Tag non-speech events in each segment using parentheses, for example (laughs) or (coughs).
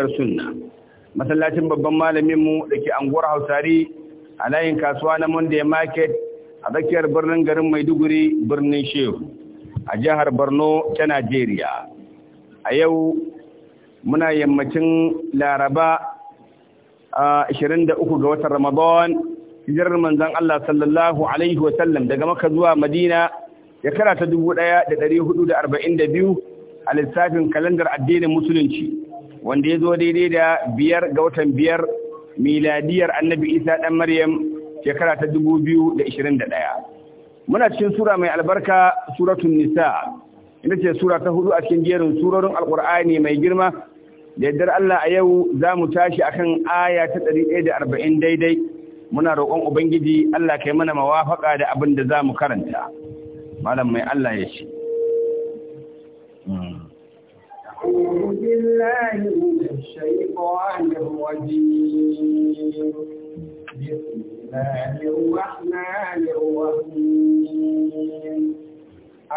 cikakkiyar sunna masallacin babban malamin mu dake anguwar hausari a layin kasuwa na monday market a tsakiyar birnin garin maiduguri birnin shehu a jihar borno ta najeriya a yau muna yammacin laraba 23 ga watan ramadan hijirar manzon allah sallallahu alaihi wa Sallam daga maka zuwa madina ya karata 1442 a lissafin kalandar addinin musulunci wanda ya zo daidai da biyar ga watan biyar miladiyar annabi isa ɗan maryam shekara ta dubu biyu da ishirin da ɗaya muna cikin sura mai albarka suratun nisa inda ce sura ta hudu a cikin jerin surorin alkur'ani mai girma da yaddar allah a yau za mu tashi kan aya ta ɗari ɗaya da arba'in daidai muna roƙon ubangiji allah kai mana mawafaka da abin da za mu karanta malam mai allah ya shi. أعوذ بالله من الشيطان الرجيم بسم الله الرحمن الرحيم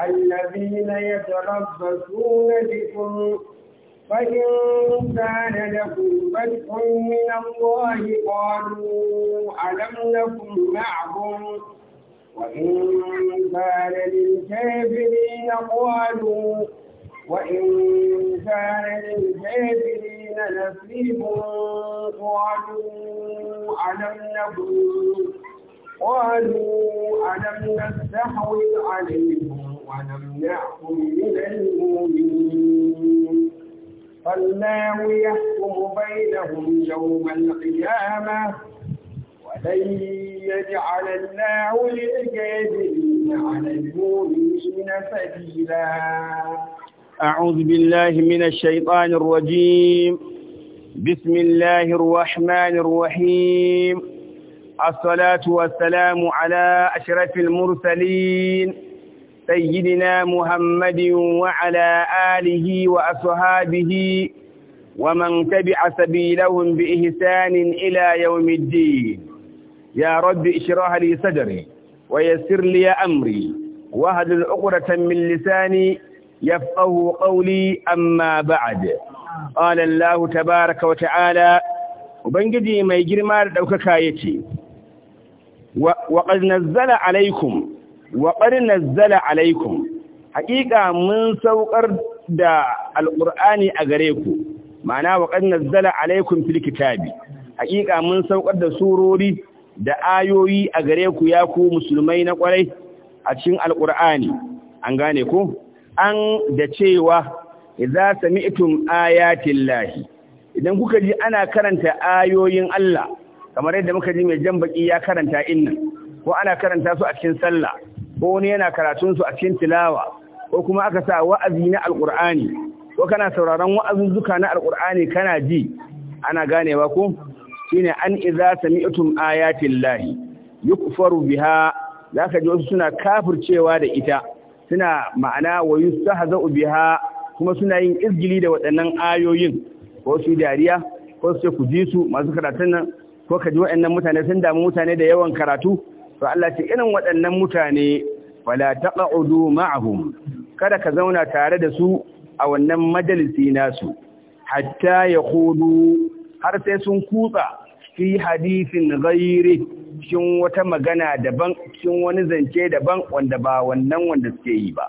الذين يتربصون بكم فإن كان لكم فتح من الله قالوا ألم نكن معهم وإن كان للكافرين قالوا وإن كان للكافرين نصيب قالوا ألم نكن قالوا ألم نستحوذ عليهم ونمنعكم من المؤمنين فالله يحكم بينهم يوم القيامة ولن يجعل الله للكافرين على المؤمنين سبيلا أعوذ بالله من الشيطان الرجيم بسم الله الرحمن الرحيم الصلاة والسلام على أشرف المرسلين سيدنا محمد وعلى آله وأصحابه ومن تبع سبيلهم بإحسان إلى يوم الدين يا رب اشرح لي صدري ويسر لي أمري وهد العقرة من لساني يفقه قولي أما بعد قال الله تبارك وتعالى وبنجدي ما يجري مار دوكاكا يتي وقد نزل عليكم وقد نزل عليكم حقيقة من سوقر دا القرآن أغريكم معناه وقد نزل عليكم في الكتاب حقيقة من سوقر دا سوروري دا آيوي a ياكو مسلمين ya ku القرآن na an da cewa idza sami'tum ayatin lahi idan kuka ji ana karanta ayoyin Allah kamar yadda muka ji mai jan baki ya karanta inna ko ana karanta su a cikin sallah ko wani yana karatun su a cikin tilawa ko kuma aka sa wa'azi na alqur'ani ko kana sauraron wa'azin zuka na alqur'ani kana ji ana ganewa ko shine an idza sami'tum ayatin lahi yukfaru biha zaka ji wasu suna kafircewa da ita suna ma'ana wa yustahza'u biha kuma suna yin izgili da waɗannan ayoyin ko su dariya ko su ku ji su masu karatun nan ko ka ji waɗannan mutane sun damu mutane da yawan karatu to Allah ce irin waɗannan mutane wala taq'udu ma'ahum kada ka zauna tare da su a wannan majalisi nasu hatta yaqulu har sai sun kutsa fi hadisin ghairi cikin wata magana daban cikin wani zance daban wanda ba wannan wanda suke yi ba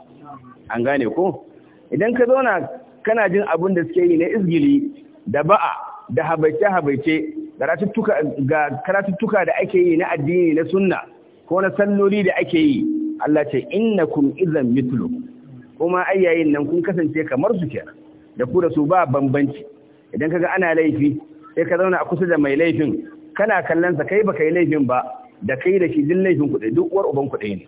an gane ko idan ka zauna kana jin abin da suke yi na izgili da ba'a da habaice habaice ga karatuttuka da ake yi na addini na sunna ko na salloli da ake yi Allah ce innakum idan mithlu kuma ayyayin nan kun kasance kamar su ke da ku da su ba bambanci idan kaga ana laifi sai ka zauna a kusa da mai laifin kana kallon sa kai baka yi laifin ba da kai da shi duk laifin kuɗi duk uwar uban kuɗi ne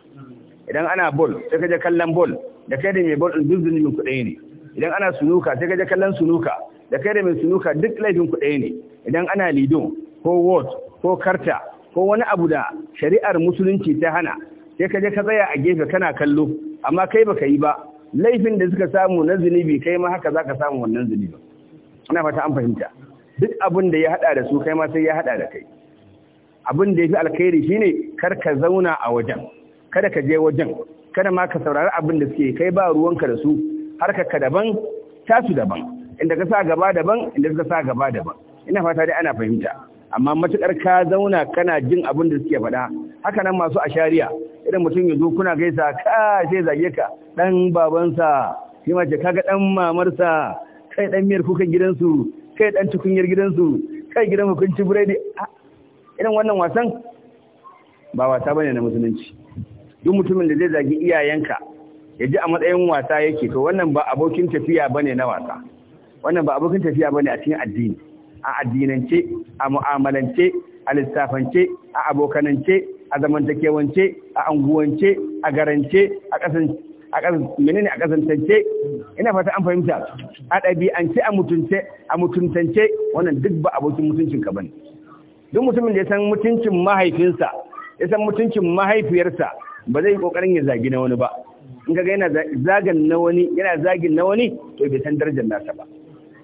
idan ana bol sai ka kallon bol da kai da mai bol duk zunubin kuɗi ne idan ana sunuka sai ka kallon sunuka da kai da mai sunuka duk laifin kuɗi ne idan ana lido ko wot ko karta ko wani abu da shari'ar musulunci ta hana sai ka je ka tsaya a gefe kana kallo amma kai baka yi ba laifin da suka samu na zunubi kai ma haka zaka samu wannan zunubi ina fata an fahimta duk abin da ya hada da su kai ma sai ya hada da kai abin da ya fi alkhairi shine kar ka zauna a wajen kada ka je wajen kada ma ka saurari abin da suke kai ba ruwanka da su ka daban tasu daban inda ka sa gaba daban inda ka sa gaba daban ina fata dai ana fahimta amma matukar ka zauna kana jin abin da suke faɗa haka nan masu ashariya idan mutum ya zo kuna gaisa ka sai zage ka dan babansa shi ma ce kaga dan mamarsa kai dan miyar kukan gidansu kai dan tukunyar gidansu kai gidan hukunci buredi irin wannan wasan ba wasa bane na musulunci duk mutumin da zai zagi iyayenka ya ji a matsayin wasa yake to wannan ba abokin tafiya bane na wasa wannan ba abokin tafiya bane a cikin addini a addinance a mu'amalance a lissafance a abokanance a zamantakewance a anguwance a garance a kasance. menene a kazantance ina fata an fahimta a ɗabi'ance a mutunce a mutuntance wannan duk ba abokin mutuncin ka bane duk mutumin da ya san mutuncin mahaifinsa ya san mutuncin mahaifiyarsa ba zai yi kokarin ya zagi na wani ba in kaga yana zagan na wani yana zagin na wani to bai san darajar nasa ba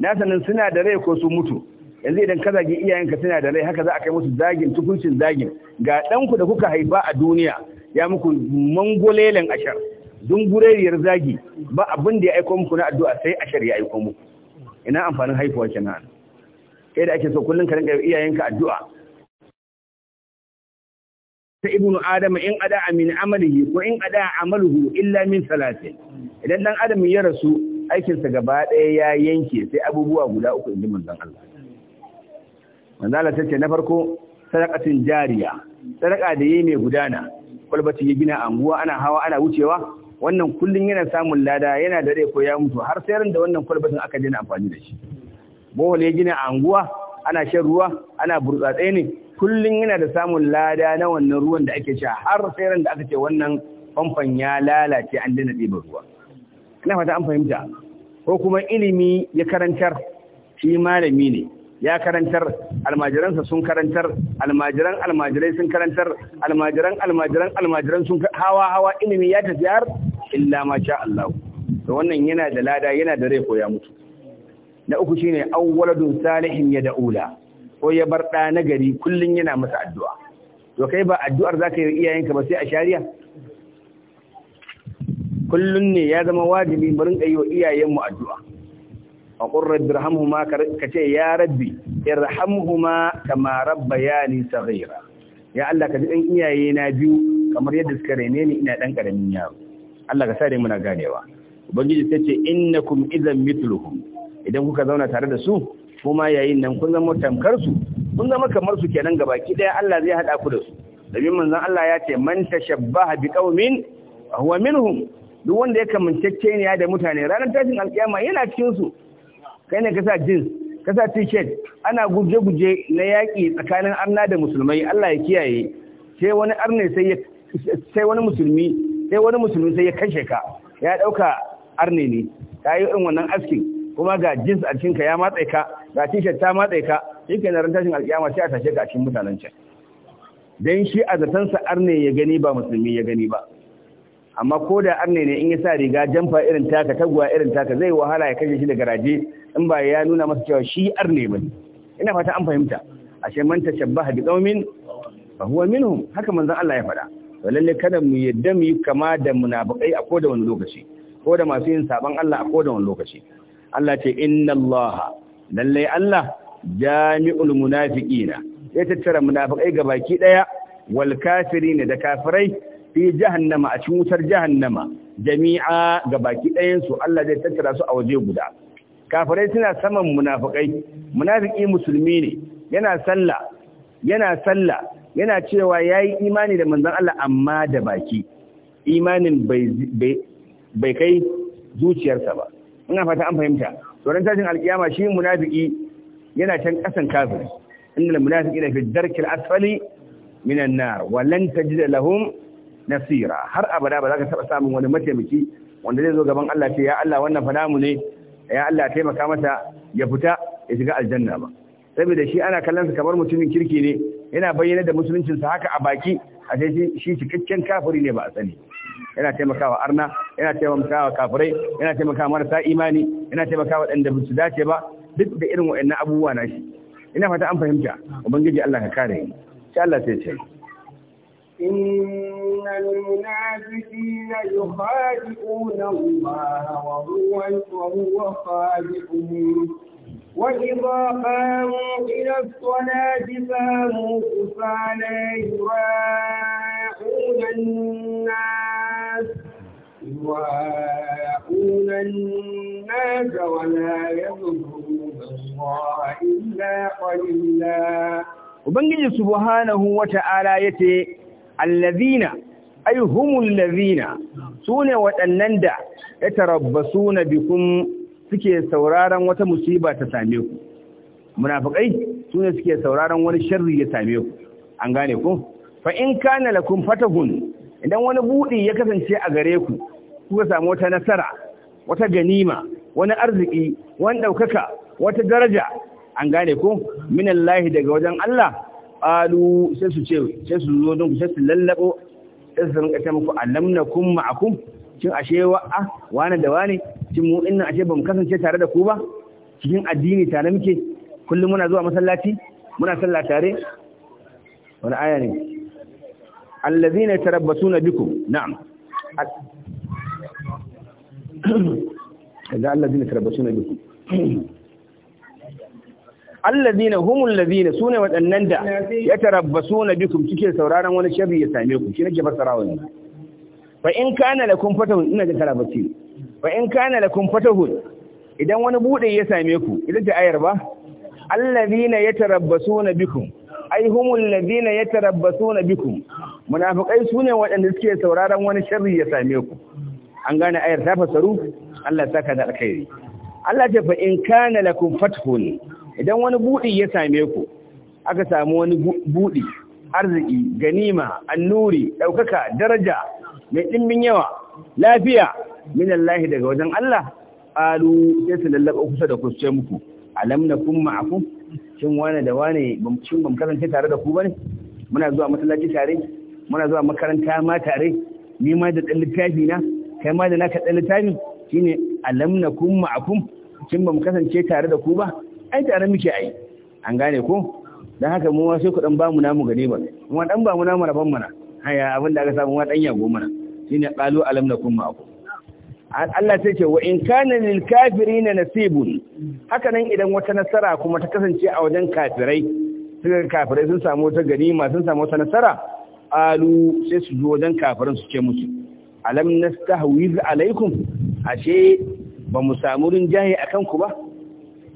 na sanin suna da rai ko su mutu yanzu idan ka zagi iyayenka suna da rai haka za a kai musu zagin tukuncin zagin ga ɗanku da kuka haifa a duniya ya muku mangolelen ashar dungureriyar zagi ba abin da ya aiko muku na addu'a sai a shari'a aiko muku ina amfanin haifuwa kenan kai da ake so kullun ka rinka iyayenka addu'a ta ibnu adama in ada amin amalihi ko in ada amaluhu illa min salatin idan dan adam ya rasu aikinsa gaba ɗaya ya yanke sai abubuwa guda uku inji manzon Allah Allah ce na farko sadaqatin jariya sadaqa da yayi mai gudana kulbati ya gina anguwa ana hawa ana wucewa wannan kullum yana samun lada yana da rai ko ya mutu har sai ran da wannan kwalbatin aka daina amfani da shi bohol ya gina a anguwa ana shan ruwa ana burtsatse ne kullum yana da samun lada na wannan ruwan da ake sha har sai ran da aka ce wannan famfan ya lalace an daina ɗiba ruwa ina fata an fahimta ko kuma ilimi ya karantar shi malami ne ya karantar almajiransa sun karantar almajiran almajirai sun karantar almajiran almajiran almajiran sun hawa hawa ilimi ya tafi har illa ma sha Allah to wannan yana da lada yana da rai ko ya mutu na uku shine awwaladun salihin ya da'ula ko ya bar da nagari gari kullun yana masa addu'a to kai ba addu'ar zaka yi iyayenka ba sai a shari'a kullun ne ya zama wajibi mu rinka yi wa iyayenmu addu'a wa qur rabbi irhamhuma kace ya rabbi irhamhuma kama rabbayani saghira ya Allah ka ji iyaye na biyu kamar yadda suka rene ni ina dan karamin yaro Allah ka sare muna ganewa ubangiji sai ce innakum idan mithluhum idan kuka zauna tare da su kuma yayin nan kun zama tamkar su kun zama kamar su kenan gabaki daya Allah zai haɗa ku da su domin manzon Allah ya ce man tashabbaha biqaumin huwa minhum duk wanda ya kamancecce ne da mutane ranar tashin alkiyama yana cikin su kai ne ka sa jeans ka t-shirt ana guje-guje na yaki tsakanin arna da musulmai Allah ya kiyaye sai wani arne sai ya sai wani musulmi sai wani musulmi sai ya kashe ka ya dauka arne ne ta yi irin wannan askin kuma ga jeans a cikin ka ya matsa ka ga t-shirt ta matsa ka shi ke na ran tashin alƙiyama sai a tashe ka a cikin mutanen can dan shi a zatansa arne ya gani ba musulmi ya gani ba amma ko da arne ne in ya sa riga jamfa irin taka taguwa irin taka zai wahala ya kashe shi da garaje in ba ya nuna masa cewa shi arne bane ina fata an fahimta ashe man tashabbaha bi qaumin fa huwa minhum haka manzon Allah ya faɗa to lalle kada mu yadda mu yi kama da munafikai a da wani lokaci ko da masu yin saban Allah a da wani lokaci Allah ce inna Allah lalle Allah jami'ul munafiqina ya tattara munafikai gabaki daya wal kafirin da kafirai fi jahannama a cikin wutar jahannama jami'a ga baki ɗayan su Allah zai tattara su a waje guda kafirai suna saman munafikai munafiki musulmi ne yana sallah yana sallah yana cewa yayi imani da manzon Allah amma da baki imanin bai kai zuciyarsa ba ina fata an fahimta tsoron tashin alkiyama shi munafiki yana can kasan kafiri inda munafiki da fi darkil asfali minan nar walan tajid lahum nasira har abada ba za ka taɓa samun wani mataimaki wanda zai zo gaban Allah ce ya Allah wannan fadamu ne ya Allah taimaka masa ya fita ya shiga aljanna ba saboda shi ana kallon sa kamar mutumin kirki ne yana bayyana da musuluncin sa haka a baki a sai shi cikakken kafiri ne ba a sani yana taimakawa arna yana taimakawa kafirai yana taimakawa marasa imani yana taimakawa dan ba su dace ba duk da irin waɗannan abubuwa na shi ina fata an fahimta ubangiji Allah ka kare shi Allah sai ce إن المنافقين يخادعون الله وهو وهو خادعهم وإذا قاموا إلى الصلاة قاموا كسالى يراءون الناس يراءون الناس ولا يذكرون الله إلا قليلا Ubangiji subhanahu wa ta'ala ya ce, allazina ay humul lazina sune waɗannan da ya tarabbasuna bikum suke sauraron wata musiba ta same ku munafiqai sune suke sauraron wani sharri ya same ku an gane ku fa in kana lakum fatahun idan wani budi ya kasance a gare ku kuka samu wata nasara wata ganima wani arziki wani ɗaukaka wata daraja an gane ku minallahi daga wajen Allah qalu sai su ce sai su zo don sai su lallabo sai su rinka ta muku alam nakum ma'akum shin ashe wa a wani da wani shin mu inna ashe bamu kasance tare da ku ba cikin addini tare muke kullum muna zuwa masallaci muna sallah tare wani aya ne allazina tarabbasuna bikum na'am (coughs) kaza allazina tarabbasuna bikum allazina humul ladina sune waɗannan da ya tarabbasu na bikum suke sauraron wani sharri ya same ku shi nake fassara wannan fa in kana lakum fatahun ina ga tarabbaci fa in kana lakum fatahun idan wani bude ya same ku ita ce ayar ba allazina yatarabbasu na bikum ai humul ladina yatarabbasu na bikum munafiqai sune waɗanda suke sauraron wani sharri ya same ku an gane ayar ta fasaru Allah saka da alkhairi Allah ce fa in kana lakum fathun idan wani buɗi ya same ku aka samu wani buɗi arziki ganima annuri ɗaukaka daraja mai ɗimbin yawa lafiya min Allah daga wajen Allah alu sai su lallaba kusa da kusa muku alam na kun ma'aku shin wane da wane shin bam kasance tare da ku bane muna zuwa masallaci tare muna zuwa makaranta ma tare ni ma da ɗan littafi na kai ma da naka ɗan littafi shine alam na kun ma'akum shin bam kasance tare da ku ba ai tare muke ai an gane ko dan haka mu wa sai ku dan bamu namu gane ba mu dan bamu namu rabon mana haya abinda aka samu wa dan yago mana shine qalu alam nakum ma'akum Allah sai ce wa in kana lil kafirina nasibun haka nan idan wata nasara kuma ta kasance a wajen kafirai suka kafirai sun samu wata ganima sun samu wata nasara alu sai su zo wajen kafirin su ce musu alam nastahwiz alaikum ashe ba mu samu rinjaye akan ku ba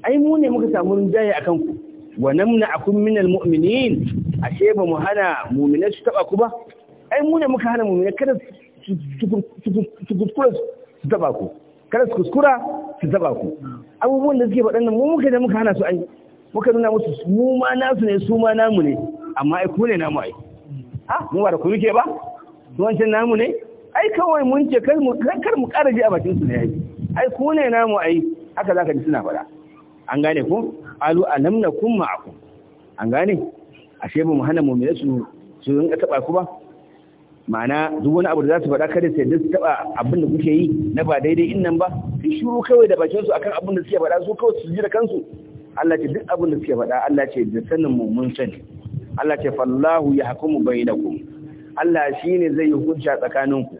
ai mu ne muka samu rinjaye a kanku wa namna akum minal mu'minin ashe ba mu hana mu'minai su taba ku ba ai mu ne muka hana mu'minai kada su kuskura su taba ku kada su kuskura su taba ku abubuwan da suke faɗan nan mu muka da muka hana su ai muka nuna musu mu ma nasu ne su ma namu ne amma ai ku ne namu ai ha mu ba da ku muke ba wancan namu ne ai kawai mun ce kar mu kar mu ƙara ji a bakin su ne ai ai ku ne namu ai haka zaka ji suna faɗa an gane ko alu alam kun ma'akun an gane ashe ba mu hana mummina su su rinka taba ku ba ma'ana duk wani abu da za su faɗa kada sai duk taba abin da kuke yi na ba daidai innan ba su shiru kawai da bakin su akan abin da suke faɗa su kawai su ji da kansu Allah ce duk abin da suke faɗa Allah ce da sanin mu mun sani Allah ce fallahu ya hakumu bainakum Allah shine zai hujja tsakaninku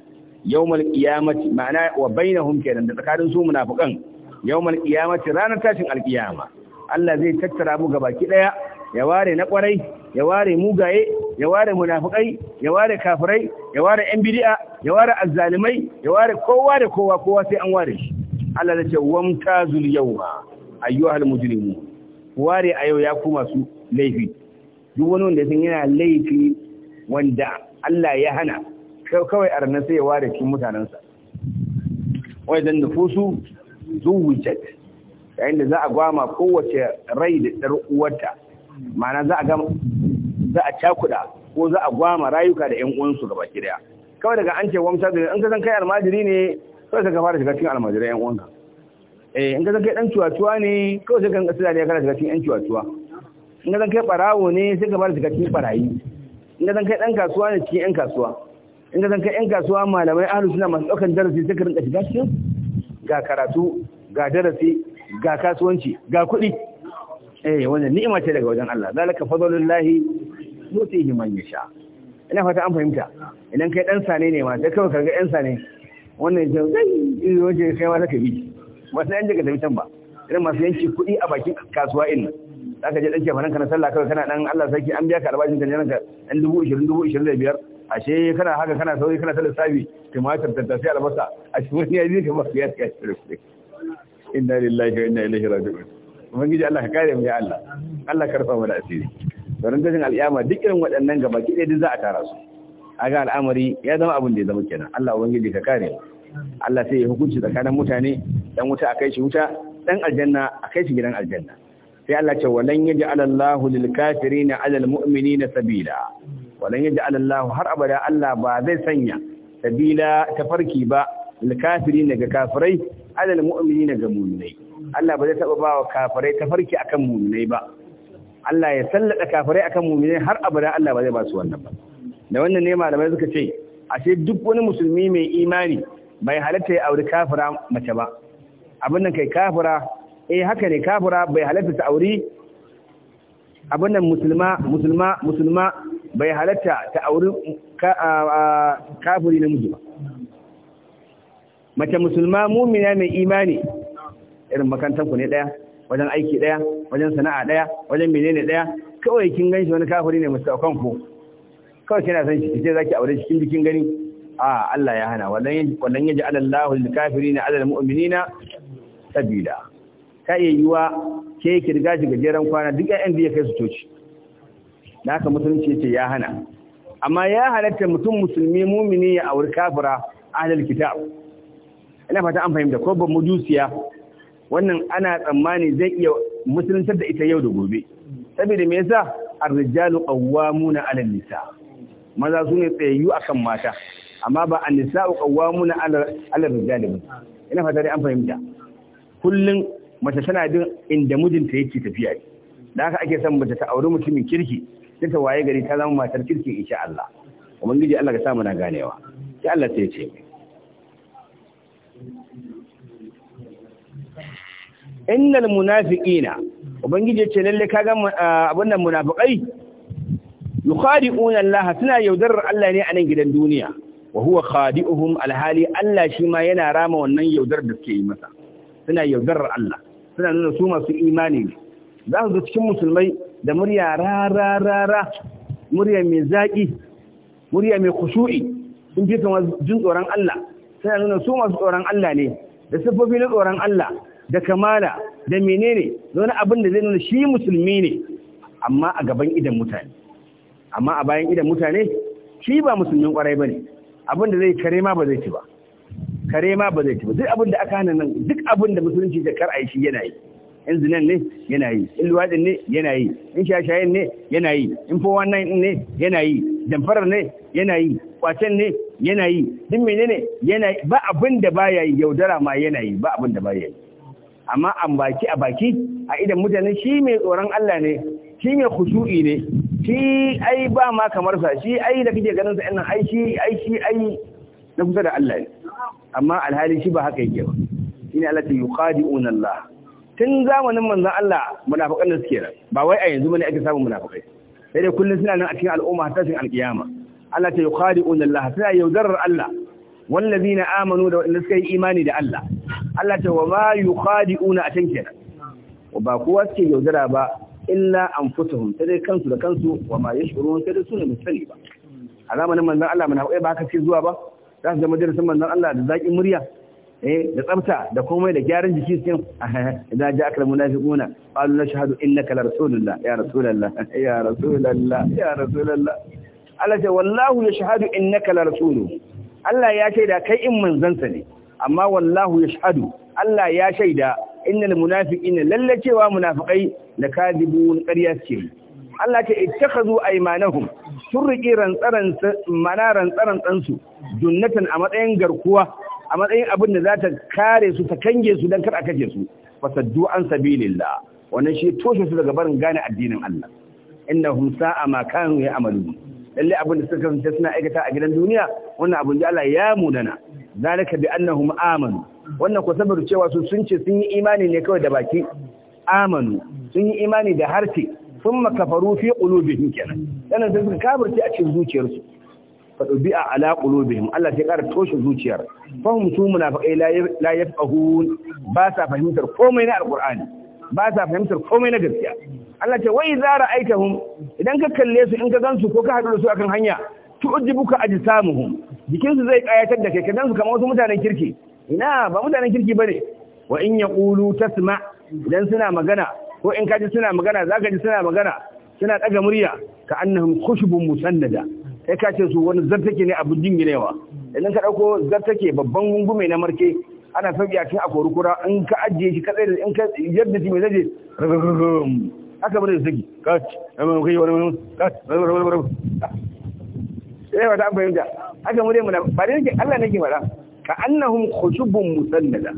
yawmal qiyamati ma'ana wa bainahum kenan da tsakanin su munafikan yawmal qiyamati ranar tashin alkiyama Allah zai tattara mu gaba ki daya ya ware na kwarai ya ware mugaye ya ware munafikai ya ware kafirai ya ware yan bid'a ya ware azzalimai ya ware kowa da kowa kowa sai an ware shi Allah zai ce wamtazul yawma ayyuhal mujrimu ware a yau ya ku su laifi duk wani wanda sun yana laifi wanda Allah ya hana kawai a sai ya ware shi mutanensa wai dan nufusu zuwujat yayin da za a gwama kowace rai da ɗar uwarta ma'ana za a ga za a cakuda ko za a gwama rayuka da ƴan uwansu gaba ki kawai daga an ce wamsa da in ka san kai almajiri ne kawai sai ka fara shiga cikin almajirai ƴan uwanka eh in ka san kai dan cuwa ne kawai sai ka tsaya ne kana shiga cikin ƴan cuwa in ka san kai barawo ne sai ka fara shiga cikin barayi in ka san kai dan kasuwa ne cikin ƴan kasuwa in ka san kai ƴan kasuwa malamai ahlus sunna masu ɗaukan darasi sai ka rinka shiga cikin ga karatu ga darasi ga kasuwanci ga kuɗi eh wannan ni'ima ce daga wajen Allah zalika fadlullahi yutihi man yasha ina fata an fahimta idan kai dan sane ne ma sai kawai kaga yan sane wannan ya zai yi waje kai ma zaka bi wasu yan daga tafi can ba irin masu yanki kuɗi a bakin kasuwa in zaka je dan ke ka na sallah kawai kana dan Allah sarki an biya ka albashin ka ne ranka dan dubu 20 dubu 25 ashe kana haka kana sauri kana ta lissafi tumatir tattasai albasa shi wani ya ji kamar ya ya shirku inna lillahi wa inna ilaihi raji'un ubangiji Allah ka kare mu ya Allah Allah karfa mu da asiri Wani gajin al'ama duk irin waɗannan gaba ki dai za a tara su a ga al'amari ya zama abin da ya zama kenan Allah ubangiji ka kare Allah sai ya hukunci tsakanin mutane dan wuta a kai shi wuta dan aljanna a kai shi gidan aljanna sai Allah ce walan yaj'alallahu lil 'alal mu'minina sabila walan yaj'al Allah har abada Allah ba zai sanya sabila tafarki ba lil kafirin daga kafirai alal mu'minin ga mu'minai Allah ba zai taba ba wa kafirai tafarki akan mu'minai ba Allah ya sallada kafirai akan mu'minai har abada Allah ba zai ba su wannan ba da wannan ne malamai suka ce ashe duk wani musulmi mai imani bai halatta ya auri kafira mace ba abin nan kai kafira eh haka ne kafira bai halatta ta auri abin nan musulma musulma musulma bai halatta ta auri kafiri namiji ba mace musulma mumina mai imani irin makantanku ne daya wajen aiki daya wajen sana'a daya wajen menene daya kawai kin ganshi wani kafiri ne musu akan ku kawai kina san shi kice zaki aure shi kin bikin gani a Allah ya hana wallan wallan yaji alallahu lil kafirina alal mu'minina sabila ta iya yiwa ke ki riga shi gajeren kwana duk ƴan da ya kai su toci da haka musulunci ce ya hana amma ya halatta mutum musulmi mumini ya auri kafira ahlul kitab ina fata an fahimta ko ban mujusiya wannan ana tsammani zai iya musuluntar da ita yau da gobe saboda me yasa ar-rijalu qawwamuna 'ala nisa maza su ne tsayayyu akan mata amma ba an-nisa'u qawwamuna 'ala rijali ba ina fata dai an fahimta kullun mace tana jin inda mijinta yake tafiya da haka ake son mace ta auri mutumin kirki ta waye gari ta zama matar kirki insha Allah ubangiji Allah ka samu na ganewa sai Allah sai ya ce innal munafiqina ubangiji ya ce lalle ga ah, abun nan munafiqai yukhadi'una Allah suna yaudarar Allah ne a nan gidan duniya wa huwa khadi'uhum alhali Allah shi ma yana rama wannan yaudar da suke yi masa suna yaudarar Allah suna nuna su masu imani ne za su zo cikin musulmai da murya rararara murya mai zaƙi murya mai kushu'i sun fi kamar jin tsoron Allah sai nuna su masu tsoron Allah ne da siffofi na tsoron Allah da kamala da menene da wani abin da zai nuna shi musulmi ne amma a gaban idan mutane amma a bayan idan mutane shi ba musulmin kwarai ne. abin da zai kare ma ba zai ci ba kare ma ba zai ci ba duk abin da aka hana nan duk abin da musulunci da kar a yi shi yana yi in zinan ne yana yi in luwaɗin ne yana yi in shashayen ne yana yi in fo nan ne yana yi damfarar ne yana yi kwacen ne yana yi duk menene yana yi ba abin da baya yi yaudara ma yana yi ba abin da baya yi amma an baki a baki a idan mutane shi mai tsoron Allah ne shi mai khushu'i ne shi ai ba ma kamar sa shi ai da kike ganin sa ɗin ai shi ai shi ai na kusa da Allah ne amma alhali shi ba haka yake ba shine Allah ta yuqadi'una Allah tun zamanin manzan Allah munafukan da suke nan ba wai a yanzu bane ake samun munafikai sai dai kullun suna nan a cikin al'umma har tashin alkiyama Allah ta yukhadi'un Allah suna yaudarar Allah wallazina amanu da wanda suka yi imani da Allah Allah ta wa ma yukhadi'una a can kenan ba kowa suke yaudara ba illa anfusuhum sai dai kansu da kansu wa ma yashurun sai dai su ne misali ba a zamanin manzan Allah munafikai ba haka suke zuwa ba za su zama darasin manzan Allah da zaƙin murya eh da tsafta da komai da gyaran jiki sun idan ja akal munafiquna qalu nashhadu innaka la rasulullah ya rasulullah (laughs) ya rasulullah ya rasulullah Allah ce wallahu yashhadu innaka la rasulu Allah ya shaida kai in manzansa ne amma wallahu yashhadu Allah ya shaida innal munafiqina lalle cewa munafiqai la kadibun ƙarya suke Allah ce ittakhadhu aymanahum sun tsaran tsaran tsaran tsansu junnatan a matsayin garkuwa a matsayin abin da za ta kare su ta kange su don kar a kake su fasaddu an sabilillah wannan shi toshe su daga barin gane addinin Allah innahum sa'a ma kanu ya'malun lalle abin da suka kasance suna aikata a gidan duniya wannan abin da Allah ya mudana zalika bi annahum amanu wannan ko saboda cewa su sun ce sun yi imani ne kawai da baki amanu sun yi imani da harfi sun makafaru fi qulubihim kenan sannan sun suka kafirce a cikin zuciyarsu fa a ala qulubihim Allah sai ƙara toshe zuciyar fahum su munafiqai la yafqahun ba sa fahimtar komai na alqur'ani ba sa fahimtar komai na gaskiya Allah ce wai za ra'aitahum idan ka kalle su in ka gansu ko ka haɗu da su akan hanya tu'jibuka ajsamuhum jikinsu zai ƙayatar da kai ka gansu kamar wasu mutanen kirki ina ba mutanen kirki bane wa in yaqulu tasma idan suna magana ko in kaji suna magana zaka ji suna magana suna daga murya ka annahum khushubun musannada ya ka ce su wani zartake ne abin jinginewa idan ka dauko zartake babban gungume na marke ana fabi a cikin akori kura in ka ajiye shi kadai in ka yadda shi mai zaje haka bane zaki kaci amma kai wani kaci sai wata an da haka mu dai mu ba dai ke, Allah nake fara ka annahum khushubun musannada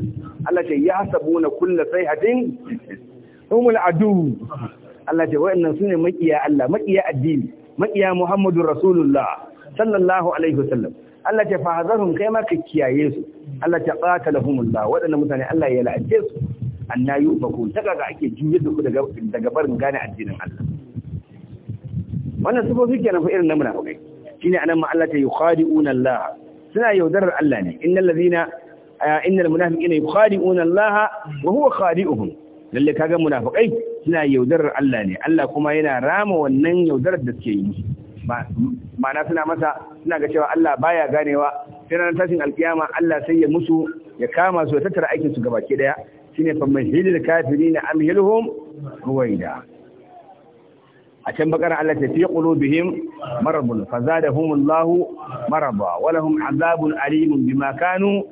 Allah ce ya hasabuna kullu sayhatin humul adu Allah ce wa'annan sune makiya Allah makiya addini maƙiya Muhammadu Rasulullah sallallahu alaihi wasallam Allah ta fahazarhum kai maka kiyaye su Allah ta qatalahumullah waɗannan mutane Allah ya la'ace su annayu bakun ta kaga ake juye da ku daga daga barin gane addinin Allah wannan sifofi kenan fa irin na munafikai shine anan ma Allah ta yi yukhadi'una Allah suna yaudarar Allah ne innal ladina innal munafiqina yukhadi'una Allah wa huwa khadi'uhum lalle kaga munafikai suna yaudarar Allah ne Allah kuma yana rama wannan yaudarar da suke yi ma'ana suna masa suna ga cewa Allah baya ganewa sai na tashin alkiyama Allah sai ya musu ya kama su ya tattara aikin su gabaki daya shine fa mahilil na amhilhum ruwaida a can bakar Allah ta fi qulubihim da fazadahumullahu Lahu wa lahum azabun alimun bima kanu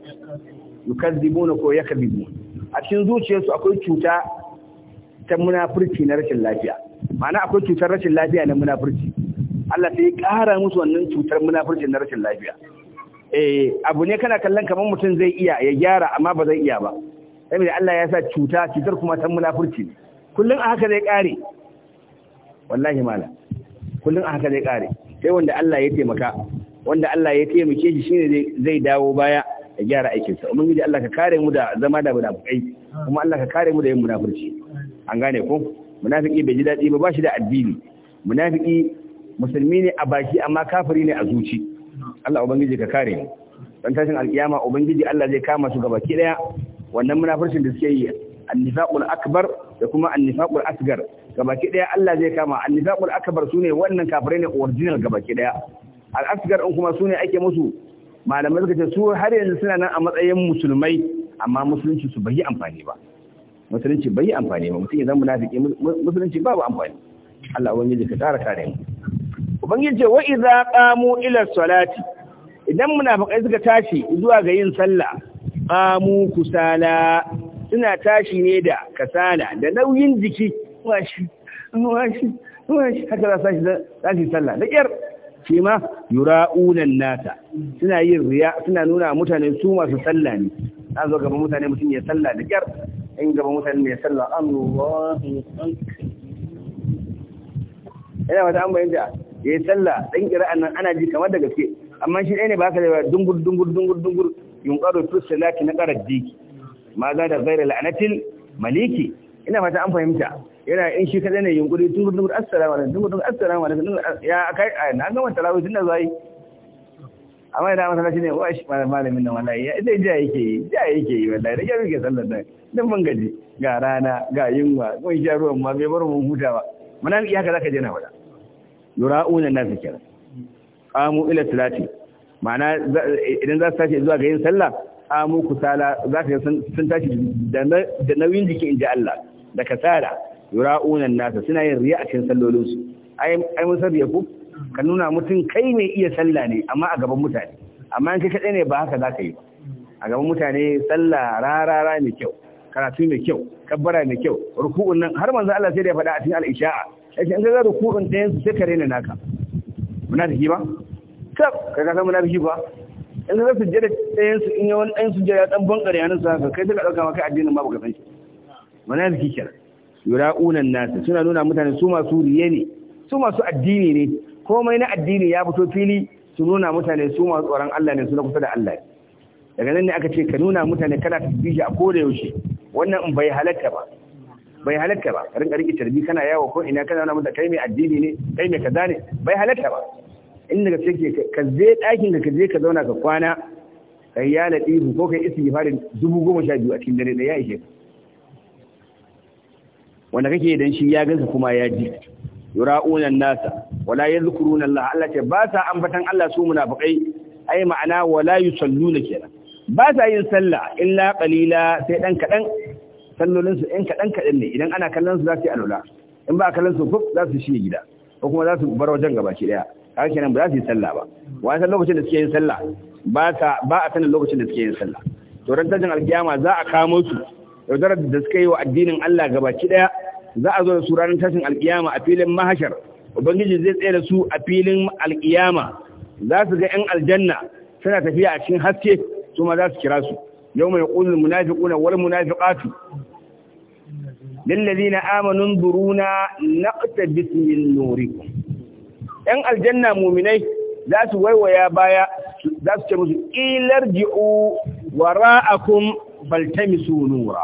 yukazzibuna ko yakzibun a cikin zuciyarsu akwai cuta ta munafurci na rashin lafiya ma'ana akwai cutar rashin lafiya na munafurci Allah sai ƙara musu wannan cutar munafurci na rashin lafiya eh abu ne kana kallon kamar mutum zai iya ya gyara amma ba zai iya ba saboda Allah ya sa cuta cutar kuma ta munafurci kullun a haka zai ƙare wallahi mala kullun a haka zai ƙare sai wanda Allah ya taimaka wanda Allah ya taimake shi shine zai dawo baya ya gyara aikinsa ubangiji Allah ka kare mu da zama da munafikai kuma Allah ka kare mu da yin munafurci an gane ko munafiki bai ji daɗi ba bashi da addini munafiki musulmi ne a baki amma kafiri ne a zuci Allah ubangiji ka kare dan tashin alkiyama ubangiji Allah zai kama su gabaki daya wannan munafircin da suke yi annifaqul akbar da kuma annifaqul asgar gabaki daya Allah zai kama annifaqul akbar sune wannan kafirai ne original gabaki daya al asgar in kuma sune ake musu malamai suka ce su har yanzu suna nan a matsayin musulmai amma musulunci su bai yi amfani ba musulunci bai yi amfani ba mutum ya zama munafiki musulunci babu amfani Allah ubangiji ka tsara kare mu ubangiji wa idza qamu ila salati idan munafikai suka tashi zuwa ga yin sallah qamu kusala suna tashi ne da kasala da nauyin jiki washi washi washi haka za su tashi sallah da kyar ce ma yura'una nata suna yin riya suna nuna mutane su masu sallah ne an zo gaba mutane mutum ya sallah da kyar in gaba mutane mai sallah Allahu Yana wata an bayyana ya yi sallah dan kira nan ana ji kamar da gaske amma shi ɗaya ne ba ka da dungur dungur dungur dungur yunkaro tu salati na qarar diki ma za da ghayra la'natil maliki ina fata an fahimta yana in shi kadai ne yunkuri dungur dungur assalamu alaikum dungur dungur assalamu alaikum ya kai na tunda zai amma ya da yake duk ban gaji ga rana ga yunwa mun sha ruwan ma bai bar mu huta ba an iya ka zaka je na wada yura'una nasu kenan qamu ila salati ma'ana idan za su tashi zuwa ga yin sallah qamu kusala za ka sun tashi da nauyin jiki inda Allah da kasala yura'una nasu suna yin riya a cikin sallolinsu ai ai mun sabiya ku ka nuna mutum kai ne iya sallah ne amma a gaban mutane amma in kai kaɗai ne ba haka za ka yi ba a gaban mutane sallah rarara mai kyau karatu mai kyau kabbara mai kyau ruku'un nan har manzo Allah sai da ya faɗa a cikin al-isha'a sai an ga ruku'un da yansu sai ka rena naka Muna munafiki ba kaf ka muna da ba in su jira da yansu in yi wani ɗayan sujjada dan bankare hannun sa kai sai ka dauka maka addinin ma ka san shi da kenan yura'una nas suna nuna mutane su masu riye ne su masu addini ne komai na addini ya fito fili su nuna mutane su masu tsoron Allah ne su na kusa da Allah daga nan ne aka ce ka nuna mutane kana tafi a koda yaushe wannan bai halatta ba bai halatta ba rinka rike tarbi kana yawo ko ina kana nuna mata kai mai addini ne kai mai kaza ne bai halatta ba in daga sai ka je ɗakin ka je ka zauna ka kwana ka yi yana ɗihu ko kai isi farin dubu goma sha biyu a cikin dare ɗaya ishe wanda kake dan shi ya gansa kuma ya ji yura'unan nasa wala yadhkuruna Allah Allah ce ba sa ambatan Allah su munafikai ai ma'ana wala yusalluna kenan ba sa yin sallah illa qalila sai dan kadan sallolin su in kadan kadan ne idan ana kallon su za su yi alula in ba kallon su fuf za su shi gida ko kuma za su bar wajen gaba ki daya kaga kenan ba za su yi sallah ba wa san lokacin da suke yin sallah ba ta ba a sanin lokacin da suke yin sallah to ran tajin alkiyama za a kamo su yaudarar da suka yi wa addinin Allah gaba ki daya za a zo da su ranar tashin alkiyama a filin mahashar ubangiji zai tsaye da su a filin alkiyama za su ga yan aljanna suna tafiya a cikin haske su ma za su kira su yau mai ƙulun munafiƙuna wal munafiƙatu lillazi na amanin duruna na ƙata bismin nurikum ‘yan aljanna muminai za su waiwaya baya za su ce musu ƙilar ji'u wara'akum baltamisu nura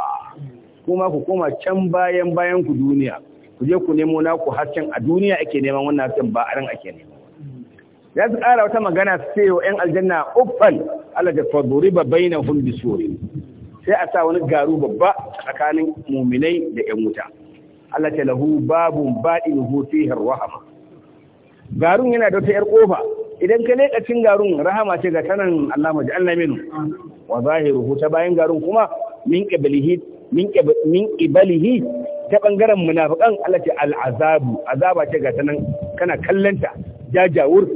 kuma ku koma can bayan bayan ku duniya ku je ku nemo naku hasken a duniya ake neman wannan hasken ba a ran ake neman. Ya su ƙara wata magana su ce wa 'yan aljanna uffal Allah da faduri ba baina hundi sori sai a sa wani garu babba tsakanin muminai da 'yan wuta Allah ta lahu babun baɗin har rahama garun yana da wata 'yar ƙofa idan ka lekacin cin garun rahama ce ga tanan Allah maji an minu wa zahiru ta bayan garun kuma min ƙibalihi ta ɓangaren munafiƙan Allah al'azabu azaba ce ga tanan kana kallanta jajawur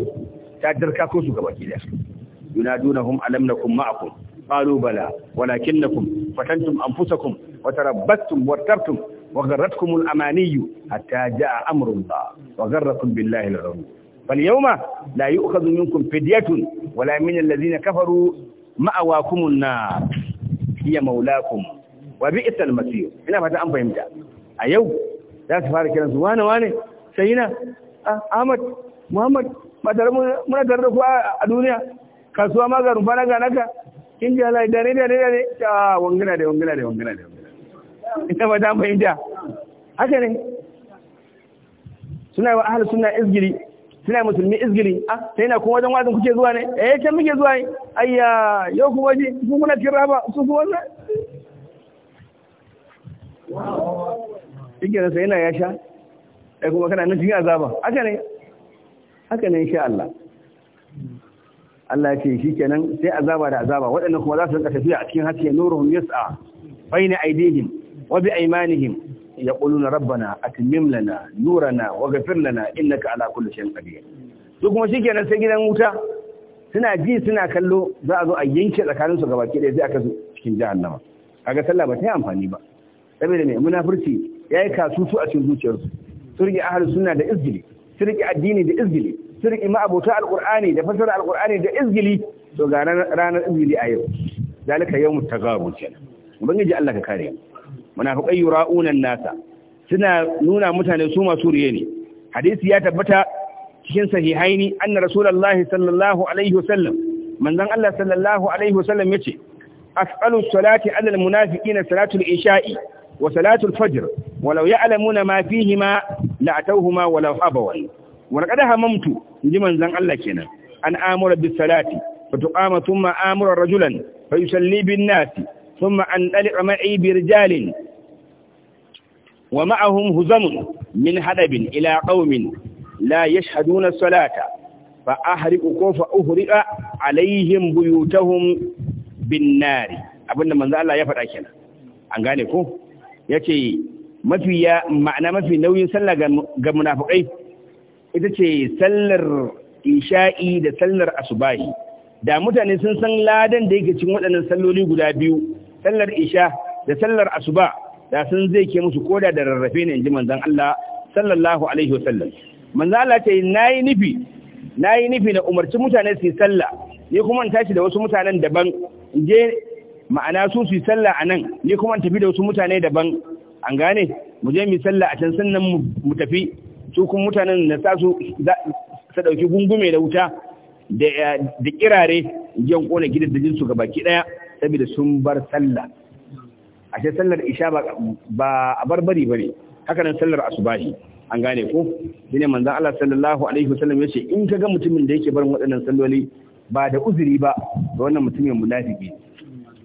تعدرك كوسك وكيلة ينادونهم ألم نكن معكم قالوا بلى ولكنكم فتنتم أنفسكم وتربتم وارتبتم وغرتكم الأماني حتى جاء أمر الله وغركم بالله العرم فاليوم لا يؤخذ منكم فدية ولا من الذين كفروا مأواكم النار هي مولاكم وبئس المسير هنا فتا أم فهمت أيو لا تفارك نزوانا واني سينا أحمد محمد ba muna tare da kuwa a duniya kasuwa ma ga rufa na ga naka kin ji Allah da ne da da ta wangina da wangina da wangina da ita ba ta fahimta haka ne suna wa ahal suna izgiri suna musulmi izgiri ah sai na kuma wajen wajen kuke zuwa ne yi eh, can muke zuwa ne ayya yau kuma ji ku muna kira ba su kuma wannan Ike da yana ya sha, ai kuma kana nan cikin azaba, haka ne, haka ne insha Allah Allah ce shi kenan sai azaba da azaba waɗannan kuma za su rinka tafiya a cikin haske nuruhum yas'a baina aidihim wa bi aymanihim yaquluna rabbana atmim lana nurana ghfir lana innaka ala kulli shay'in qadir su kuma shikenan sai gidan wuta suna ji suna kallo za a zo a yanke tsakanin tsakaninsu gabaki ɗaya sai aka zo cikin jahannama kaga sallah ba ta yi amfani ba saboda mai munafurci ya yi kasusu a cikin zuciyarsu turki ahlus sunna da izgili su addini da izgili su riƙe ma'abota alƙur'ani da fasara alƙur'ani da izgili to ga ranar izgili a yau zalika yawmut tagabun kenan ubangiji Allah ka kare mu munafiqai yura'una nasa suna nuna mutane su masu riye ne hadisi ya tabbata cikin sahihaini anna rasulullahi sallallahu alaihi wasallam manzon Allah sallallahu alaihi wasallam yace as'alu salati alal munafiqina salatul isha'i وصلاة الفجر ولو يعلمون ما فيهما لأتوهما ولو أبوا ولقد هممت لمن زن الله كنا أن آمر بالصلاة فتقام ثم آمر رجلا فيسلي بالناس ثم أن ألق معي برجال ومعهم هزم من حدب إلى قوم لا يشهدون الصلاة فأحرق كوف أهرق عليهم بيوتهم بالنار أبونا من Allah الله faɗa kenan أنقاني كوف yace mafi ya ma'ana mafi nauyin sallah ga munafikai ita ce sallar isha'i da sallar asubahi da mutane sun san ladan da yake cikin waɗannan salloli guda biyu sallar isha da sallar asuba da sun zai ke musu koda da rarrafe ne inji manzon Allah sallallahu alaihi wasallam manzon Allah ce nayi nufi nayi nufi na umarci mutane su yi sallah ni kuma in tashi da wasu mutanen daban in je ma'ana su su sallah a nan ni kuma tafi da wasu mutane daban an gane mu je mu sallah a can sannan mu tafi su kuma mutanen da sa su sa dauki gungume da wuta da kirare yan kona gidajen su gabaki daya saboda sun bar sallah ashe sallar isha ba ba a barbari bane haka nan sallar asubahi an gane ko shine manzon Allah sallallahu alaihi wasallam yace in kaga mutumin da yake barin waɗannan salloli ba da uzuri ba ga wannan mutumin munafiki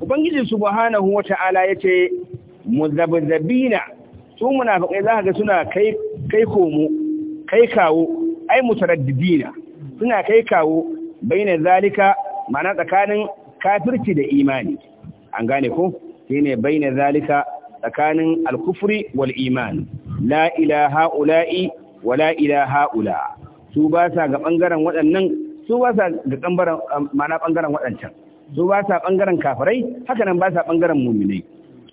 Ubangiji subhanahu wa ta'ala ya ce, Muzabzabina, su munafiƙai za ga suna kai komo, kai kawo, ai mutaraddidina, suna kai kawo baina zalika mana tsakanin kafirci da imani. An gane ko? Shi ne baina zalika tsakanin al'kufuri wal iman la ilaha ula'i wa la ilaha ula su ba sa ga bangaren waɗannan su ba sa ga bangaren mana bangaren waɗancan su ba sa bangaren kafirai haka nan ba sa bangaren muminai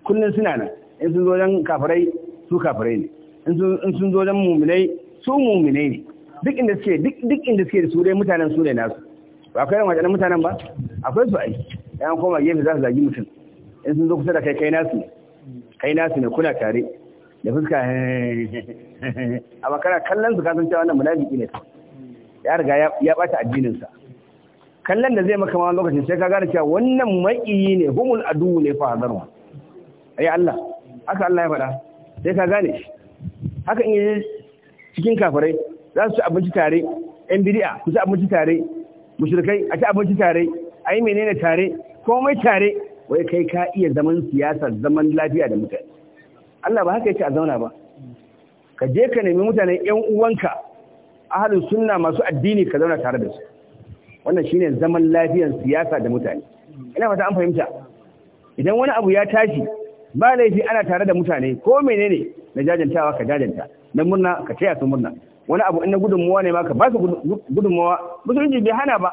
kullun suna nan in sun zo wajen kafirai su kafirai ne in sun zo wajen muminai su muminai ne duk inda suke duk inda suke da su dai mutanen su ne nasu ba kai wajen mutanen ba akwai su ai yan koma gefe za su zagi mutum in sun zo kusa da kai kai nasu kai nasu ne kuna tare da fuska (laughs) A kana kallon su kasance wannan munafiki ne ya riga ya bata addinin sa kallon da zai maka ma lokacin sai ka gane cewa wannan maiyi ne humul adu ne fa hazarwa ai Allah haka Allah ya faɗa sai ka gane shi haka in yi cikin kafirai za su ci abinci tare yan bidi'a su abinci tare mushrikai a ci abinci tare a yi menene tare komai tare wai kai ka iya zaman siyasa zaman lafiya da mutane Allah ba haka yake a zauna ba ka je ka nemi mutanen yan uwanka ahalin sunna masu addini ka zauna tare da su wannan shine zaman lafiyan siyasa da mutane ina fata an fahimta idan wani abu ya tashi ba laifi ana tare da mutane ko menene na jajantawa ka jajanta na murna ka taya su murna wani abu in na gudunmuwa ne ma ka ba su gudunmuwa musulunci bai hana ba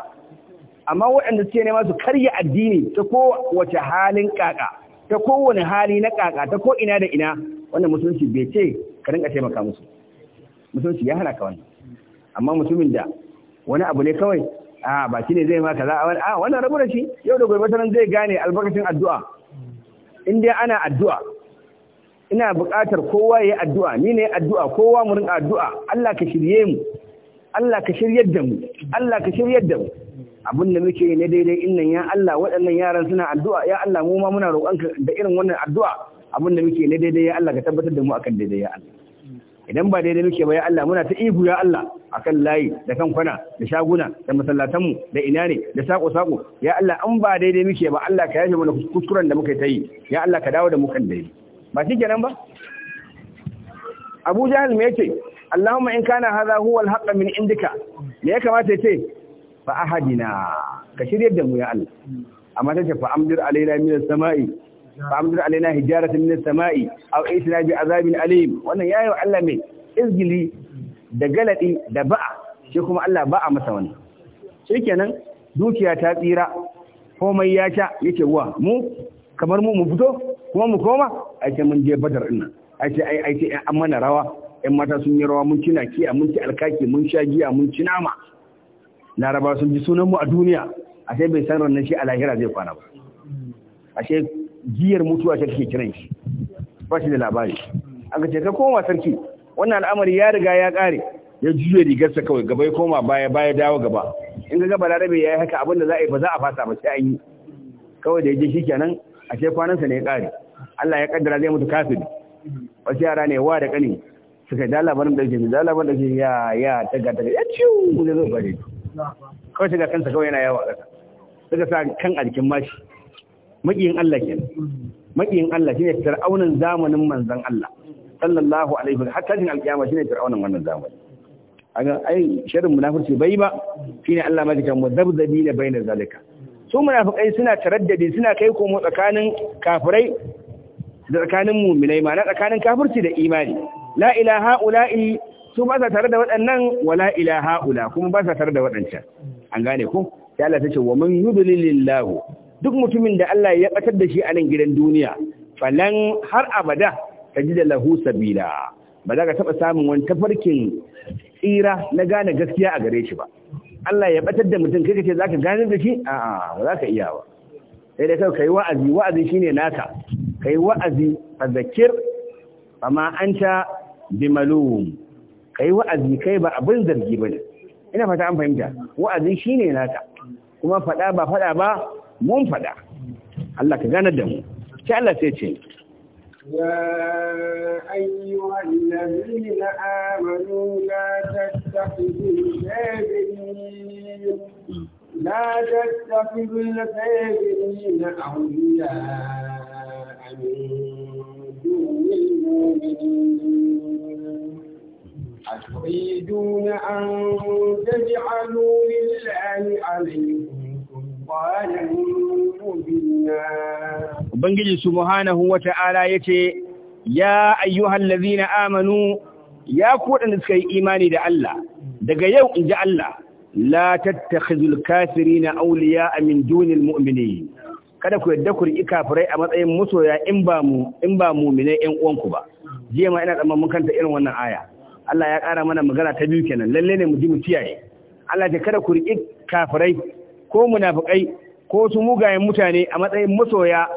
amma waɗanda suke nema su karya addini ta kowace halin kaka ta kowane hali na kaka ta ko ina da ina wannan musulunci bai ce ka rinka taimaka musu musulunci ya hana ka wannan amma mutumin da wani abu ne kawai a ba shi ne zai ma kaza Wani a wannan rabu da shi yau da gobe sanan zai gane albarkacin addu'a in dai ana addu'a ina buƙatar kowa ya yi addu'a ni ne addu'a kowa mu rinka addu'a Allah ka shirye mu Allah ka shiryar da mu Allah ka shiryar da mu abin da muke ne daidai inna ya Allah waɗannan yaran suna addu'a ya Allah mu ma muna roƙonka da irin wannan addu'a abin da muke ne daidai ya Allah ka tabbatar da mu akan daidai ya Allah idan ba daidai muke ba ya Allah muna ta ihu ya Allah akan layi da kan kwana da shaguna da masallatanmu da ina ne da sako sako ya Allah an ba daidai muke ba Allah ka yafe mana kuskuren da muka ta yi ya Allah ka dawo da mu kan daidai ba shi kenan ba Abu Jahal me yace Allahumma in kana hadha huwa al-haqq min indika me ya kamata ya ce fa ahadina ka shirye da mu ya Allah amma tace fa amdir alaina min as-sama'i fa amdir alaina hijaratan min as-sama'i aw isna bi azabin alim wannan yayi Allah mai izgili da galadi da ba'a shi kuma Allah ba'a masa wani shikenan dukiya ta tsira komai ya ta yake wa mu kamar mu mu fito kuma mu koma a mun je badar ina a ce ai ai an mana rawa yan mata sun yi rawa mun ci ki mun ci alkaki mun sha giya mun ci nama laraba sun ji sunanmu a duniya ashe bai san ranar shi a lahira zai kwana ba ashe giyar mutuwa ce take kiran shi ba shi da labari ka ce ka koma sarki wannan al'amari ya riga ya kare ya juye rigarsa kawai gaba ya koma baya baya dawo gaba in ga gaba larabe ya yi haka abin da za a yi ba za a fasa ba sai an yi kawai da ya je shi kenan ashe kwanansa ne ya kare Allah ya kaddara zai mutu kafin. wasu yara ne wa da kani suka da labarin da ke da labarin da ke ya ya taga taga ya ciwo zai zo gare kawai shiga kansa kawai yana yawa a ƙasa suka sa kan a jikin mashi maƙiyin Allah ke maƙiyin Allah shine fir'aunin zamanin manzan Allah sallallahu alaihi wasallam hatta jin alƙiyama shine fir'aunin wannan zamani aga ai sharrin munafurci bai ba shine Allah ma kace muzabzabi da bainar zalika su munafikai suna taraddadi suna kai komo tsakanin kafirai da tsakanin mu'minai ma na tsakanin kafirci da imani la ilaha ula'i su ba sa tare da waɗannan wala ila haula kuma ba sa tare da waɗancan an gane ku sai Allah ta ce wa man yudlilillahu duk mutumin da Allah ya batar da shi a nan gidan duniya falan har abada tajida lahu sabila ba za ka taba samun wani tafarkin tsira na gane gaskiya a gare shi ba Allah ya batar da mutum kai ce zaka gane da shi a'a ba za ka iya ba sai dai kai kai wa'azi wa'azi shine naka kai wa'azi fadhakir amma anta bimalum kai wa'azi kai ba abin zargi ba ne ina fata an fahimta wa'azi shine naka kuma fada ba fada ba mun fada Allah ka gane da mu sai Allah sai ce Ya أيها الذين آمنوا لا تتخذوا الكافرين لا تتخذوا الكافرين أولياء من أتريدون أن تجعلوا لله عليكم سلطانا مبينا وبنجي سبحانه وتعالى ya ayyuhan lazina Amanu, ya يا suka yi imani da Allah. daga yau in ji Allah la tattakhizul auliya a min dunin mu'minin kada ku yadda ku riƙi kafirai a matsayin musoya in ba mu in ba uwanku ba jiya ma ina tsammanin kanta irin wannan aya Allah ya ƙara mana magana ta biyu kenan lalle ne mu ji mu kiyaye Allah ya kada ku riƙi kafirai ko munafikai ko su mugayen mutane a matsayin masoya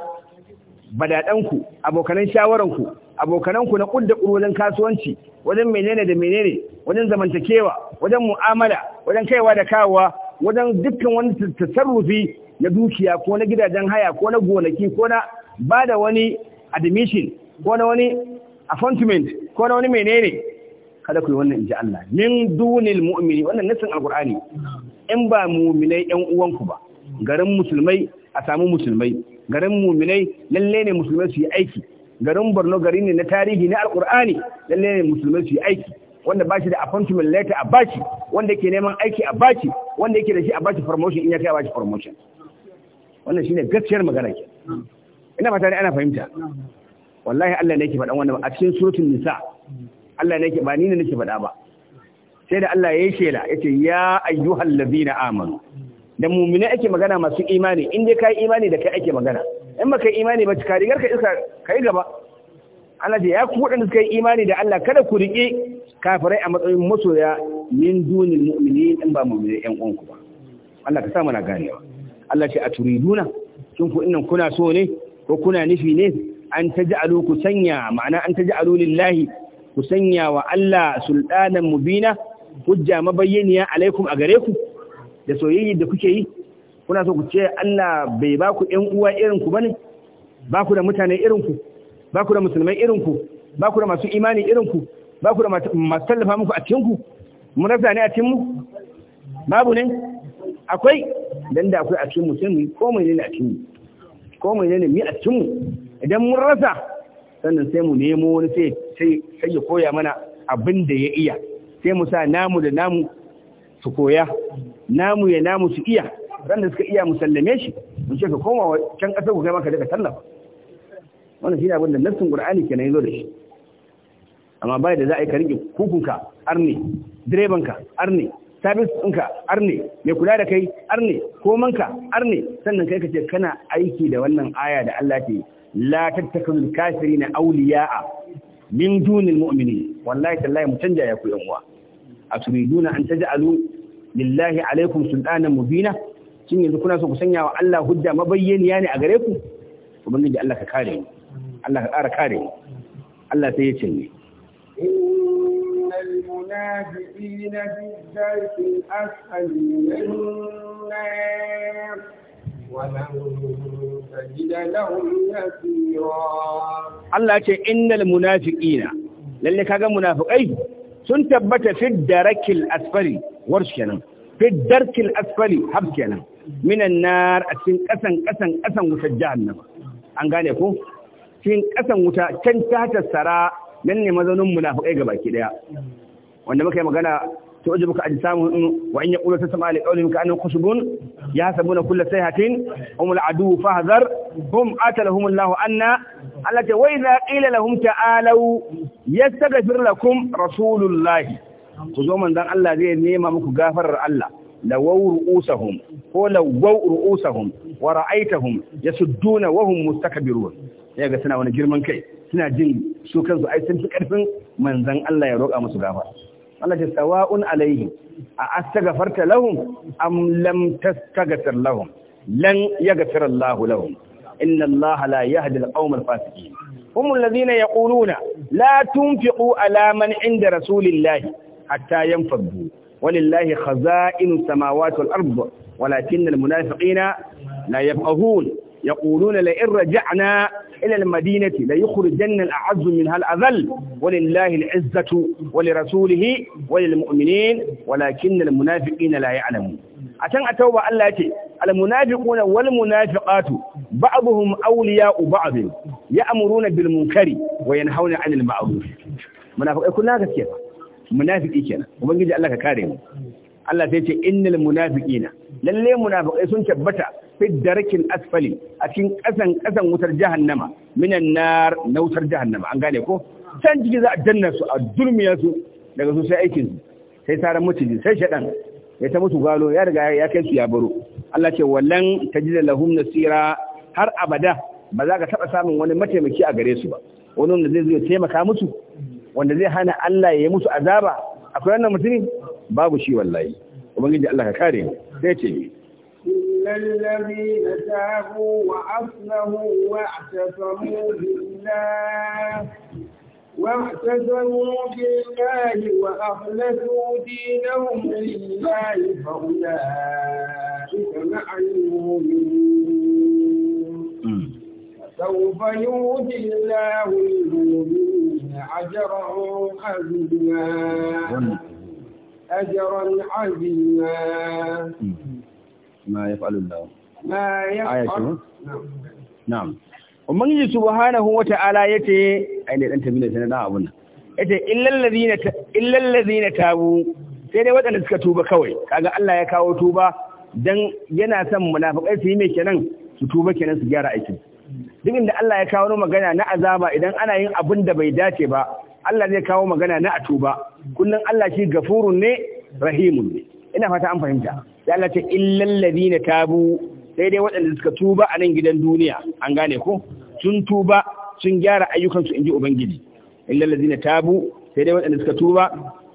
badaɗanku abokanan shawaranku abokananku na ƙudda ƙurorin kasuwanci wajen menene da menene wajen zamantakewa wajen mu'amala wajen kaiwa da kawowa wajen dukkan wani tasarrufi na dukiya ko na gidajen haya ko na gonaki ko na ba wani admission ko na wani appointment ko na wani menene kada ku yi wannan inji Allah min dunil mu'mini wannan nassin alqur'ani in ba mu'minai yan uwanku ba garin musulmai a samu musulmai garin mu'minai lalle ne musulmai su yi aiki garin Borno gari ne na tarihi na alqur'ani lalle ne musulmai su yi aiki wanda ba shi da appointment letter a baci wanda yake neman aiki a baci wanda yake da shi a baci promotion in ya kai a baci promotion wannan shine gaskiyar magana ke ina fata ne ana fahimta wallahi Allah ne yake faɗan wannan a cikin suratul nisa Allah nake ba ni ne nake faɗa ba sai da Allah ya yi shela yace ya ayyuhal ladina amanu da mu'mina ake magana masu imani in dai kai imani da kai ake magana in ba kai imani ba ka rigar ka iska kai gaba Allah ce ya ku waɗanda suka yi imani da Allah kada ku riƙe kafirai a matsayin masoya min dunin mu'mini in ba mu'mini uwan uwanku ba Allah ka sa mana ganewa Allah ce a turiduna kin ku innan kuna so ne ko kuna nufi ne an taj'alu ku sanya ma'ana an taj'alu lillahi ku sanya wa Allah sultanan mubina hujja mabayyaniya alaikum a gare ku da soyayya da kuke yi kuna so ku ce Allah bai ba ku ƴan uwa irin ku bane ba ku da mutane irin ku ba ku da musulmai irin ku ba ku da masu imani irin ku ba ku da masu tallafa muku a cikin ku mun rasa ne a cikin mu babu ne akwai dan da akwai a cikin mu sai mu ko mai ne a cikin mu ko mai ne mu a cikin mu idan mun rasa sannan sai mu nemo wani sai sai ya koya mana abin da ya iya sai mu sa namu da namu su koya namu ya namu su iya ran da suka iya musallame shi mu ce ka koma can kasar ku kai maka daga tallafa wannan shi ne abin da nassin qur'ani kenan yazo da shi amma bai da za a yi ka rike kukunka arne direbanka arne sabis ɗinka arne mai kula da kai arne komanka arne sannan kai ka ce kana aiki da wannan aya da Allah ke la tattakazul kafirina awliya'a min dunil mu'mini wallahi tallahi mu canja ya ku yan uwa aturiduna an taj'alu lillahi alaikum sultanan mubina shin yanzu kuna so ku sanya wa Allah hujja mabayyaniya ne a gare ku ubangiji Allah ka kare mu Allah ka ƙara kare mu Allah sai ya ce ni المنافقين في الدرك الأسفل من النار ولن allah ce نفيرا الله يقول إن المنافقين للي كاقا sun tabbata fi darakil asfali warsh kenan fi darakil asfali hab kenan minan nar a cikin kasan kasan kasan wutar jahannama an gane ko cikin kasan wuta can ta tattara nan ne mazaunin munafikai gabaki daya wanda muka yi magana تعجبك أجسامهم وإن يقولوا تسمع لقولهم كأنهم خشب يحسبون كل صيحة هم العدو فاحذر هم قاتلهم الله أنا التي وإذا قيل لهم تعالوا يستغفر لكم رسول الله خذوا ذا الله زي نيما مكو غافر الله لووا رؤوسهم هو رؤوسهم ورأيتهم يسدون وهم مستكبرون يا ga suna wani girman kai suna jin su kansu ai sun fi karfin manzan Allah ya roƙa musu gafara ونجي سواء عليهم أستغفرت لهم أم لم تستغفر لهم لن يغفر الله لهم إن الله لا يهدي القوم الفاسقين هم الذين يقولون لا تنفقوا على من عند رسول الله حتى ينفقوا ولله خزائن السماوات والأرض ولكن المنافقين لا يبقهون يقولون لئن رجعنا إلى المدينة ليخرجن الأعز منها الأذل ولله العزة ولرسوله وللمؤمنين ولكن المنافقين لا يعلمون عشان أتوبة الله يتي المنافقون والمنافقات بعضهم أولياء بعض يأمرون بالمنكر وينهون عن المعروف يقول لك كيف منافقين ومن يجي الله كارم الله يتي إن المنافقين للي منافق يسون إيه، كبتا fi darakin asfali a cikin kasan kasan wutar jahannama minan nar na wutar jahannama an gane ko can ciki za a danna su a dulmiya su daga su sai aikin su sai saran mutum sai shaɗan ya ta mutu galo ya riga ya kai su ya baro Allah ce wallan tajida lahum nasira har abada ba za ka taɓa samun wani mataimaki a gare su ba wani wanda zai zo taimaka musu wanda zai hana Allah ya yi musu azaba akwai wannan mutumin babu shi wallahi ubangiji Allah ka kare sai ce إلا الذين تابوا وأصلحوا واعتصموا بالله واعتصموا بالله وأخلصوا دينهم لله فأولئك مع المؤمنين سوف يؤتي الله المؤمنين أجرا عظيما أجرا عظيما يفعل الله ma yaf'alu نعم ubangiji subhanahu wata'ala yace ai ne dan أنت من na abun nan yace الذين ت... إلا الذين tabu sai dai waɗanda suka tuba kawai kaga Allah ya kawo tuba dan yana son munafikai su yi mai kenan su tuba kenan su gyara aikin duk inda Allah ya kawo magana na azaba idan ana yin abin da bai dace ba Allah zai kawo magana na atuba kullum Allah shi gafurun ne rahimun ne ina fata an fahimta sai Allah ce illan ladina tabu sai dai waɗanda suka tuba a nan gidan duniya an gane ko sun tuba sun gyara ayyukansu inji ubangiji illan ladina tabu sai dai waɗanda suka tuba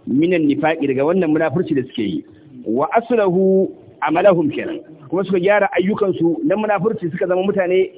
minan nifaqi daga wannan munafurci da suke yi wa aslahu amalahum kenan kuma suka gyara ayyukansu na munafurci suka zama mutane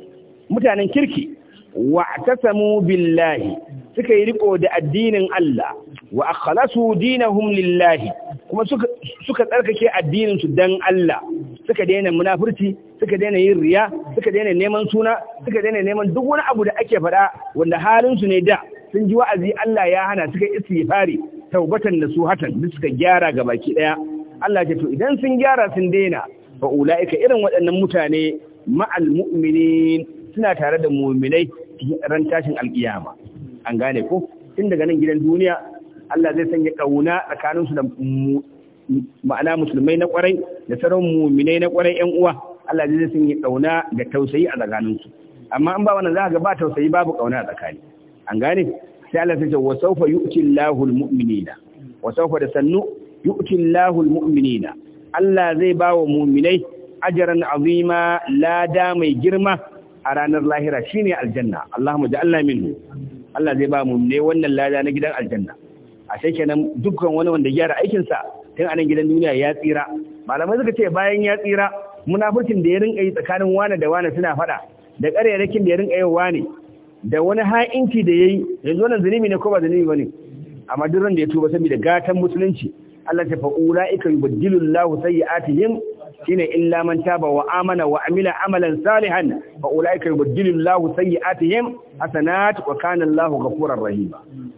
mutanen kirki wa'tasamu billahi suka yi riko da addinin Allah wa akhlasu dinahum lillahi kuma suka suka tsarkake addinin su dan Allah suka daina munafurci suka daina yin riya suka daina neman suna suka daina neman duk wani abu da ake faɗa wanda halin su ne da sun ji wa'azi Allah ya hana suka istighfari taubatan da su hatan duk suka gyara ga baki daya Allah ya to idan sun gyara sun daina fa ulaika irin waɗannan mutane ma'al mu'minin suna tare da muminai ran tashin alkiyama an gane ko tun daga nan gidan duniya Allah zai sanya kauna tsakaninsu da ma'ana musulmai na kwarai da sauran muminai na kwarai yan uwa Allah zai sanya kauna da tausayi a tsakaninsu amma an ba wannan za ga ba tausayi babu kauna a tsakani an gane sai Allah sai ce wa sawfa yu'ti Allahu al-mu'minina wa sawfa da sannu yu'ti Allahu al-mu'minina Allah zai ba wa muminai ajaran azima lada mai girma a ranar lahira shi ne aljanna allah Allahumma Allah minhu Allah zai ba mu ne wannan lada na gidan aljanna a sai kenan dukkan wani wanda gyara aikin sa tun a nan gidan duniya ya tsira malamai suka ce bayan ya tsira munafikin da ya rinka yi tsakanin wane da wane suna faɗa? da ƙarerakin da ya rinka yi wane da wani ha'inci da yayi yanzu wannan zunubi ne ko ba zunubi bane amma duk da ya tuba saboda gatan musulunci Allah ta fa'ula sai ya Allahu sayyi'atihim shine illa man taba wa amana wa amila amalan salihan fa ulaika yubaddilu Allahu sayyi'atihim hasanat wa kana Allahu ghafurar rahim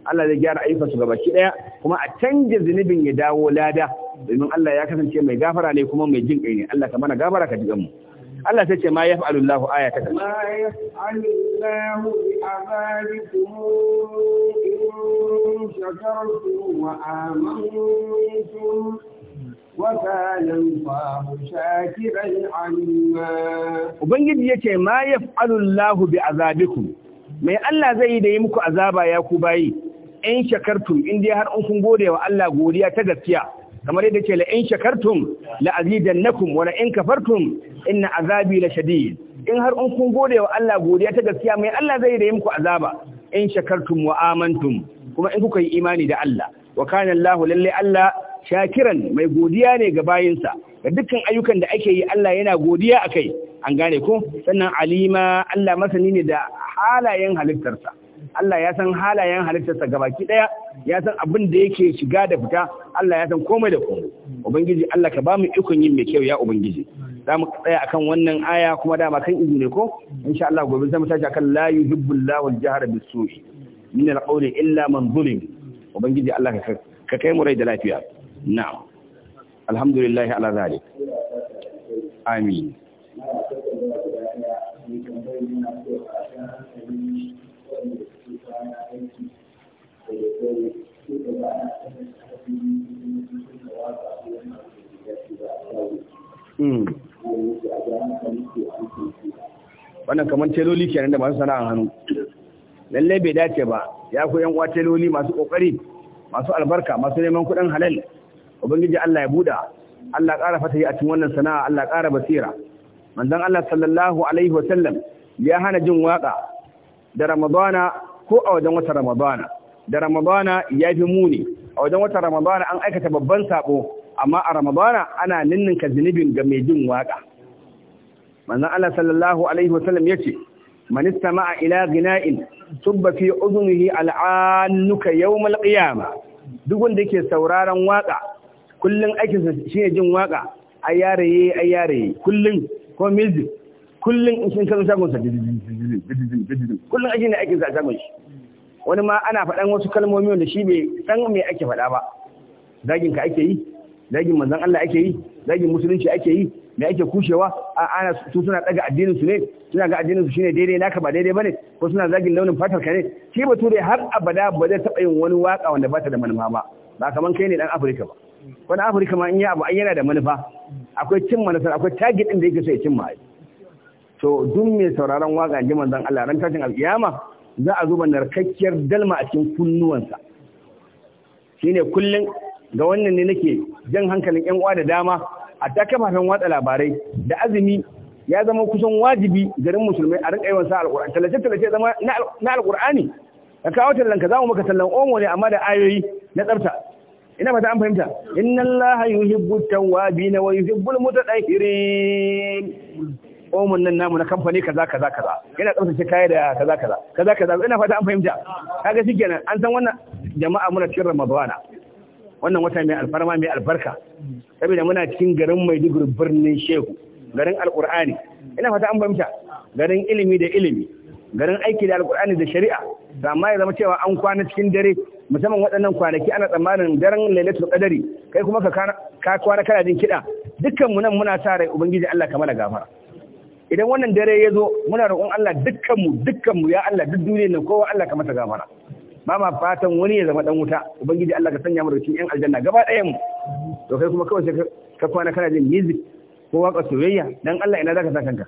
Allah zai gyara ayyukan su gabaki daya kuma a canja zunubin ya dawo lada domin Allah ya kasance mai gafara ne kuma mai jin kai ne Allah ka mana gafara ka jigan mu Allah sai ce ma ya fa'alu Allahu aya ta Ma ya Allahu bi abadikum in shakartum wa amantum وكان الله شاكرا ubangiji yace ma yaf'alu Allahu bi azabikum mai Allah zai yi da yi muku azaba ya ku bayi in shakartum in dai har in kun gode wa Allah godiya ta gaskiya kamar yadda ce la shakartum la'azidan azidannakum wa la in kafartum inna azabi na shadid in har in kun gode wa Allah godiya ta gaskiya mai Allah zai yi da yi muku azaba in shakartum wa amantum kuma in kuka yi imani da Allah wa kana Allahu lalle Allah shakiran mai godiya ne ga bayinsa ga dukkan ayyukan da ake yi Allah yana godiya a kai. an gane ko sannan alima Allah masani ne da halayen halittarsa Allah ya san halayen halittarsa baki ɗaya. ya san abin da yake shiga da fita Allah ya san komai da komai ubangiji Allah ka ba mu ikon yin mai kyau ya ubangiji za mu tsaya akan wannan aya kuma dama kan izu ne ko insha Allah gobe zan tashi akan la yuhibbu Allahu wal jahra bis-su'i min al-qawli illa man zulim ubangiji Allah ka kai mu rai da lafiya na'am alhamdulillah ala zalik amin hmm. wannan kamar teloli kenan da masu sana'ar hannu lallai bai dace ba ya ku yan uwa teloli masu kokari masu albarka masu neman kuɗin halal ubangiji Allah ya buda Allah ƙara fatahi a cikin wannan sana'a Allah ƙara basira manzon Allah sallallahu alaihi wa sallam ya hana jin waka da Ramadana ko a wajen wata Ramadana da Ramadana ya fi muni a wajen wata Ramadana an aikata babban sabo amma a Ramadana ana ninninka zunubin ga mai jin waka manzon Allah sallallahu alaihi wa sallam ya yace man istama'a ila ghina'in tubba fi udhunihi al'anuka yawm al-qiyamah duk wanda yake sauraron waka kullum aikinsa shi ne jin waka a yaraye a yaraye kullum ko music kullum in shi kan shagon kullum ake ne aikinsa sa a shagon shi wani ma ana faɗan wasu kalmomi wanda shi bai san me ake faɗa ba zagin ka ake yi zagin manzon Allah ake yi zagin musulunci ake yi me ake kushewa a ana su suna daga addinin su ne suna ga addinin su shine daidai naka ba daidai bane ko suna zagin launin fatar ka ne shi bature har abada ba zai taɓa yin wani waka wanda ba ta da manufa ba ba kaman kai ne dan Afirka ba wani afirka ma in yi abu ayyana yana da manufa akwai cin manufar akwai target din da yake so ya cin ai to duk mai sauraron waka ji manzon Allah ran tashin alkiyama za a zuba narkakkiyar dalma a cikin kunnuwansa shine kullun ga wannan ne nake jan hankalin yan uwa da dama a ta kafafen watsa labarai da azumi ya zama kusan wajibi garin musulmai a rinka yawan sa alqur'ani talace talace zama na alqur'ani ka kawo tallan ka za mu maka tallan omo ne amma da ayoyi na tsafta ina ta an fahimta inna allaha yuhibbu tawwabin wa yuhibbul mutatahhirin omon nan namu na kamfani kaza kaza kaza yana tsaftace kai da kaza kaza kaza kaza ina fata an fahimta kaga shikenan an san wannan jama'a muna cikin ramadana wannan wata mai alfarma mai albarka saboda muna cikin garin Maiduguri birnin Shehu garin Alkur'ani ina fata an fahimta garin ilimi da ilimi garin aiki da alkur'ani da shari'a da amma ya zama cewa an kwana cikin dare musamman waɗannan kwanaki ana tsammanin daren lailatul qadari kai kuma ka kwana kana jin kiɗa dukkan mu nan muna sa rai ubangiji Allah ka mana gafara idan wannan dare ya zo muna roƙon Allah dukkan mu dukkan mu ya Allah duk duniyar nan kowa Allah ka mata gafara ba ma fatan wani ya zama dan wuta ubangiji Allah ka sanya mu da cikin aljanna gaba ɗayan mu to kai kuma kawai ka kwana kana jin music ko waka soyayya dan Allah ina zaka sa kanka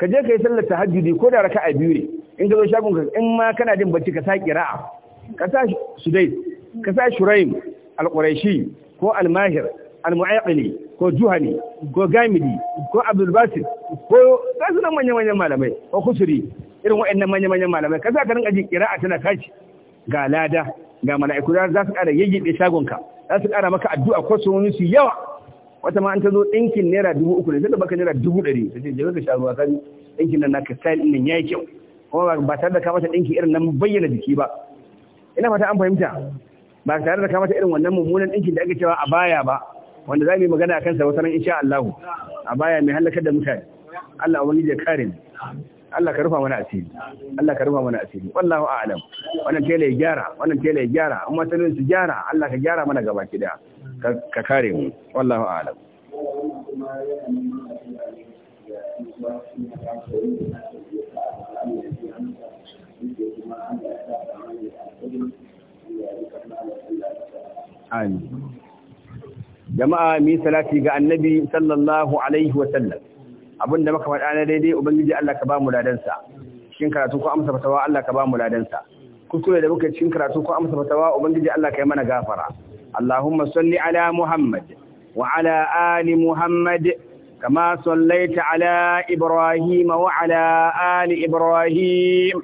ka je ka yi sallar tahajjudi ko da raka'a biyu ne in ka zo shagon ka in ma kana jin bacci ka sa qira'a ka sa sudai ka sa shuraim al-quraishi ko al-mahir ko juhani ko gamidi ko abdul basit ko kasu nan manyan manyan malamai ko kusuri irin wa'annan manyan manyan malamai ka sa ka rinka ji qira'a tana kashi ga lada ga mala'iku za su ƙara yayyade shagon ka za su ƙara maka addu'a ko su su yawa wata ma an ta zo ɗinkin naira dubu uku ne sai da baka naira dubu ɗari ta ce jaka ka sha ruwa kan ɗinkin nan naka style ɗin ya yi kyau kuma ba tare da ka mata ɗinkin irin nan bayyana jiki ba ina fata an fahimta ba tare da ka mata irin wannan mummunan ɗinkin da ake cewa a baya ba wanda za mu yi magana a kansa wata ran insha Allah a baya mai halakar da mutane Allah wani da kare Allah ka rufa mana asiri Allah ka rufa mana asiri wallahu a'lam wannan tele ya gyara wannan tele ya gyara amma sanin su gyara Allah ka gyara mana gaba ki daya ka kare mu wallahu a'lam Amin. Jama'a mi salati ga annabi sallallahu Alaihi wa sallam abinda maka faɗa na daidai Ubangiji Allah ka ba mu ladansa, cikin karatu ko amsa fatawa Allah ka ba mu ladansa, kuskure da muka cikin karatu ko amsa fatawa Ubangiji Allah ka yi mana gafara. اللهم صل على محمد وعلى آل محمد كما صليت على إبراهيم وعلى آل إبراهيم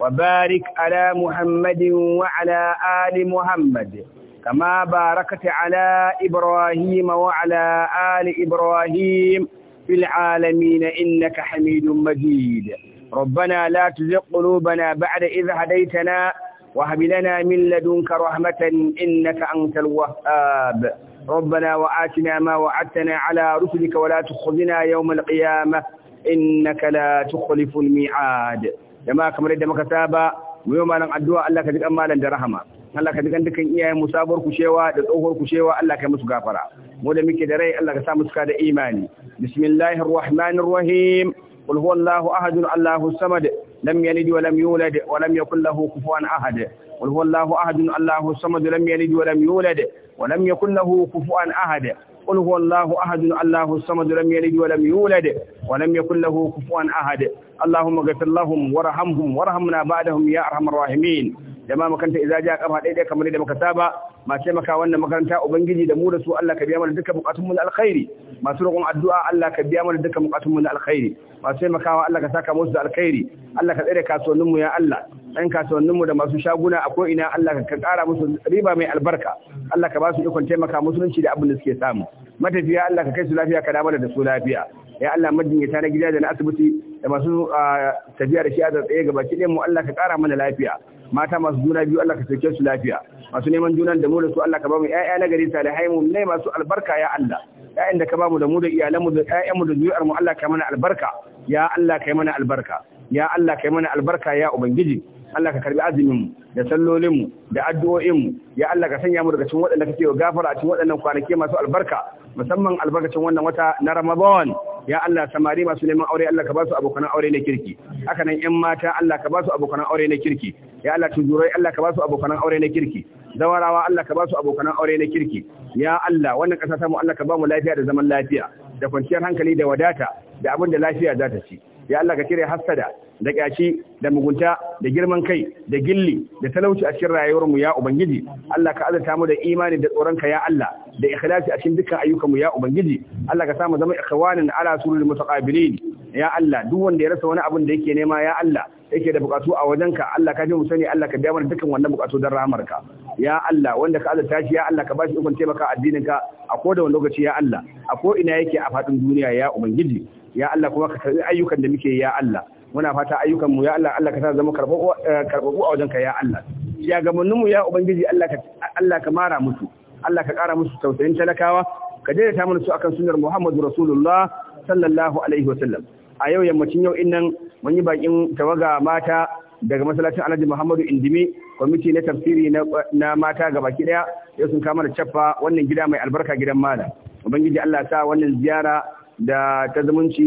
وبارك على محمد وعلى آل محمد كما باركت على إبراهيم وعلى آل إبراهيم في العالمين إنك حميد مجيد ربنا لا تزغ قلوبنا بعد إذ هديتنا وهب لنا من لدنك رحمة إنك أنت الوهاب ربنا وآتنا ما وعدتنا على رسلك ولا تخزنا يوم القيامة إنك لا تخلف الميعاد جماعة كما رد مكتابة ويوم أن أدعو الله كذلك أمالا درهما Allah ka dukan dukan iyayen mu sabuwar kushewa da tsohuwar kushewa Allah ka musu gafara mu da muke da rai Allah sa mu suka da imani bismillahir rahmanir rahim huwallahu ahad Allahu samad لم يلد ولم يولد ولم يكن له كفوا أحد قل هو الله أحد الله الصمد لم يلد ولم يولد ولم يكن له كفوا أحد قل هو الله أحد الله الصمد لم يلد ولم يولد ولم يكن له كفوا أحد اللهم اغفر لهم وارحمهم وارحمنا بعدهم يا أرحم الراحمين da ma makaranta idza ja kafa daidai kamar da muka saba ma maka wannan makaranta ubangiji da mu da su Allah ka biya mana duka bukatun mu na alkhairi masu roƙon addu'a Allah ka biya mana duka bukatun mu na alkhairi masu taimakawa Allah ka saka musu da alkhairi Allah ka tsare kasuwannin mu ya Allah ɗan kasuwannin mu da masu shaguna a ko ina Allah ka ƙara musu riba mai albarka Allah ka ba su ikon taimaka musulunci da abin da suke samu matafiya Allah ka kai su lafiya ka mana da su lafiya ya Allah majinyata na gida da na asibiti da masu ah, tafiya da shi a tsaye gabaki ɗayan mu Allah ka ƙara mana lafiya mata masu juna biyu Allah ka sauke su lafiya masu neman junan da mu da su Allah ka ba mu ƴaƴa na gari salihai mu ne masu albarka ya Allah ƴaƴan da ka ba mu da mu da iyalanmu da ƴaƴanmu da zuriyar mu Allah ka mana albarka ya Allah ka mana albarka ya Allah ka mana albarka ya ubangiji Allah ka karbi azumin mu da sallolin mu da addu'o'in mu ya Allah ka sanya mu daga cikin waɗanda kake gafara a cikin waɗannan kwanaki masu albarka musamman albarkacin wannan wata na Ramadan ya Allah samari masu neman aure Allah ka ba su abokan aure na kirki haka nan ƴan mata Allah ka ba su abokan aure na kirki ya Allah tujurai Allah ka ba su abokan aure na kirki zawarawa Allah ka ba su abokan aure na kirki ya Allah wannan ƙasa ta mu Allah ka ba mu lafiya da zaman lafiya da kwanciyar hankali da wadata da abin da lafiya za ta ci ya Allah ka cire hassada da kyashi da mugunta da girman kai da gilli da talauci a cikin rayuwar mu ya ubangiji Allah ka azurta mu da imani da tsoron ka ya Allah da ikhlasi a cikin dukkan ayyukan mu ya ubangiji Allah ka sa mu zama ikhwanin ala sulul mutaqabilin ya Allah duk wanda ya rasa wani abun da yake nema ya Allah yake da bukatu a wajenka Allah ka ji mu sani Allah ka biya mana dukkan wannan bukatu don ka ya Allah wanda ka azurta shi ya Allah ka bashi ikon taimaka addinin ka a koda wani lokaci ya Allah a ko ina yake a fadin duniya ya ubangiji ya Allah kuma ka karbi ayyukan da muke ya Allah muna fata ayyukan mu ya Allah Allah ka sa zama karbabu eh, a wajenka ya Allah ya shugabannin mu ya ubangiji Allah ka Allah ka mara musu Allah ka kara musu tausayin talakawa ka ta mana su akan sunnar Muhammadu Rasulullah sallallahu alaihi wa sallam a yau yammacin yau innan mun yi bakin tawaga mata daga masallacin Alhaji Muhammadu Indimi kwamiti na tafsiri na mata ga baki daya yau sun kama da caffa wannan gida mai albarka gidan mala ubangiji Allah sa wannan ziyara da ta zumunci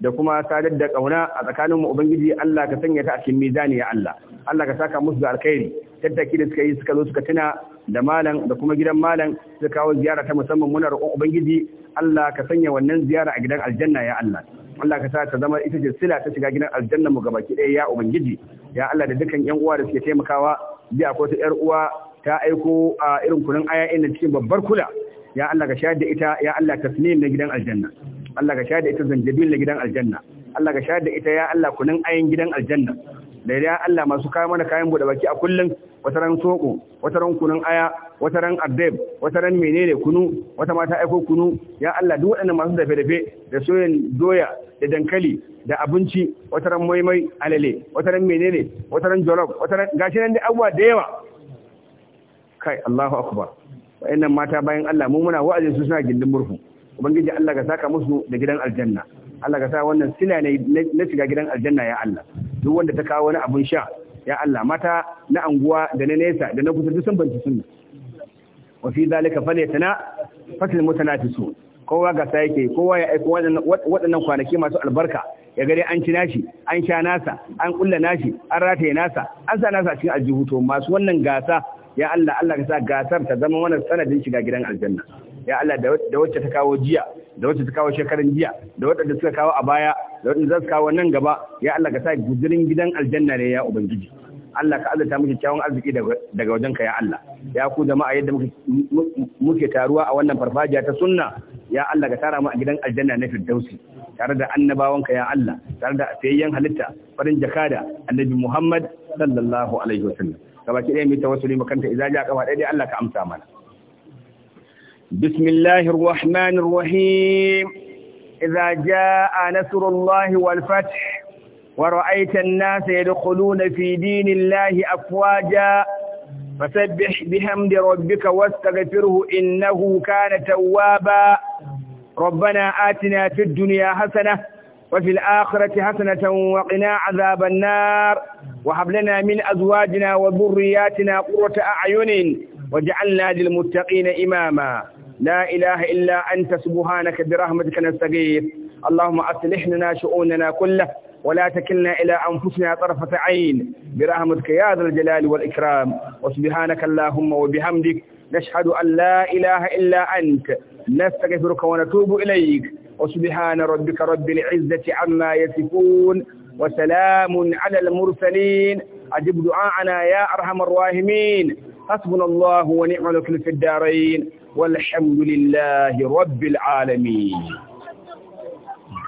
da kuma sadar da kauna a tsakanin mu ubangiji Allah ka sanya ta a cikin mizani ya Allah Allah ka saka musu da alkhairi tattaki da suka yi suka zo suka tuna da malam da kuma gidan malam suka kawo ziyara ta musamman muna roƙon ubangiji Allah ka sanya wannan ziyara a gidan aljanna ya Allah Allah ka sa ta zama ita ce sila ta shiga gidan aljanna mu gabaki ɗaya ya ubangiji ya Allah da dukkan yan uwa da suke taimakawa biya a ta yar uwa ta aiko a irin kunun aya cikin babbar kula ya Allah ka shayar da ita ya Allah tasnim na gidan aljanna Allah ka shayar da ita zanjabin na gidan aljanna Allah ka shayar da ita ya Allah kunan ayin gidan aljanna da ya Allah masu kawo mana kayan bude baki a kullum wata ran soko wata ran kunun aya wata ran addab wata ran menene kunu wata mata aiko kunu ya Allah duk waɗannan masu dafe dafe da soyan doya da dankali da abinci wata ran maimai alale wata ran menene wata ran jollof wata ran gashi nan da abuwa da yawa kai Allahu akbar wa'annan mata bayan Allah mu muna wa'azin su suna gindin murhu ubangiji Allah ka saka musu da gidan aljanna Allah ka sa wannan sila ne na shiga gidan aljanna ya Allah duk wanda ta kawo wani abun sha ya Allah mata na anguwa da na nesa da na kusa duk sun banci sunna wa fi zalika falyatana fatil mutanatisu kowa ga sa yake kowa ya aika waɗannan kwanaki masu albarka ya gare an ci nashi an sha nasa an kulla nashi an rataye nasa an sa nasa cikin aljihu to masu wannan gasa ya Allah Allah ka sa gasar ta zama wannan sanadin shiga gidan aljanna ya Allah da wacce ta kawo jiya da wacce ta kawo shekaran jiya da waɗanda suka kawo a baya da waɗanda za su kawo nan gaba ya Allah ka sa guzurin gidan aljanna ne ya ubangiji Allah ka azurta muke kyawun arziki daga wajenka ya Allah ya ku jama'a yadda muke taruwa a wannan farfajiya ta sunna ya Allah ka tara mu a gidan aljanna na firdausi tare da annabawanka ya Allah tare da sayayyen halitta farin jakada annabi Muhammad sallallahu alaihi wasallam gabaki dai mu tawassuli makanta idza ja kafa dai Allah ka amsa mana بسم الله الرحمن الرحيم إذا جاء نصر الله والفتح ورأيت الناس يدخلون في دين الله أفواجا فسبح بحمد ربك واستغفره إنه كان توابا ربنا آتنا في الدنيا حسنة وفي الآخرة حسنة وقنا عذاب النار وهب لنا من أزواجنا وذرياتنا قرة أعين وجعلنا للمتقين إماما لا إله إلا أنت سبحانك برحمتك نستغيث اللهم أصلح لنا شؤوننا كله ولا تكلنا إلى أنفسنا طرفة عين برحمتك يا ذا الجلال والإكرام وسبحانك اللهم وبحمدك نشهد أن لا إله إلا أنت نستغفرك ونتوب إليك وسبحان ربك رب العزة عما يصفون وسلام على المرسلين أجب دعاءنا يا أرحم الراحمين حسبنا الله ونعم الوكيل في الدارين والحمد لله رب العالمين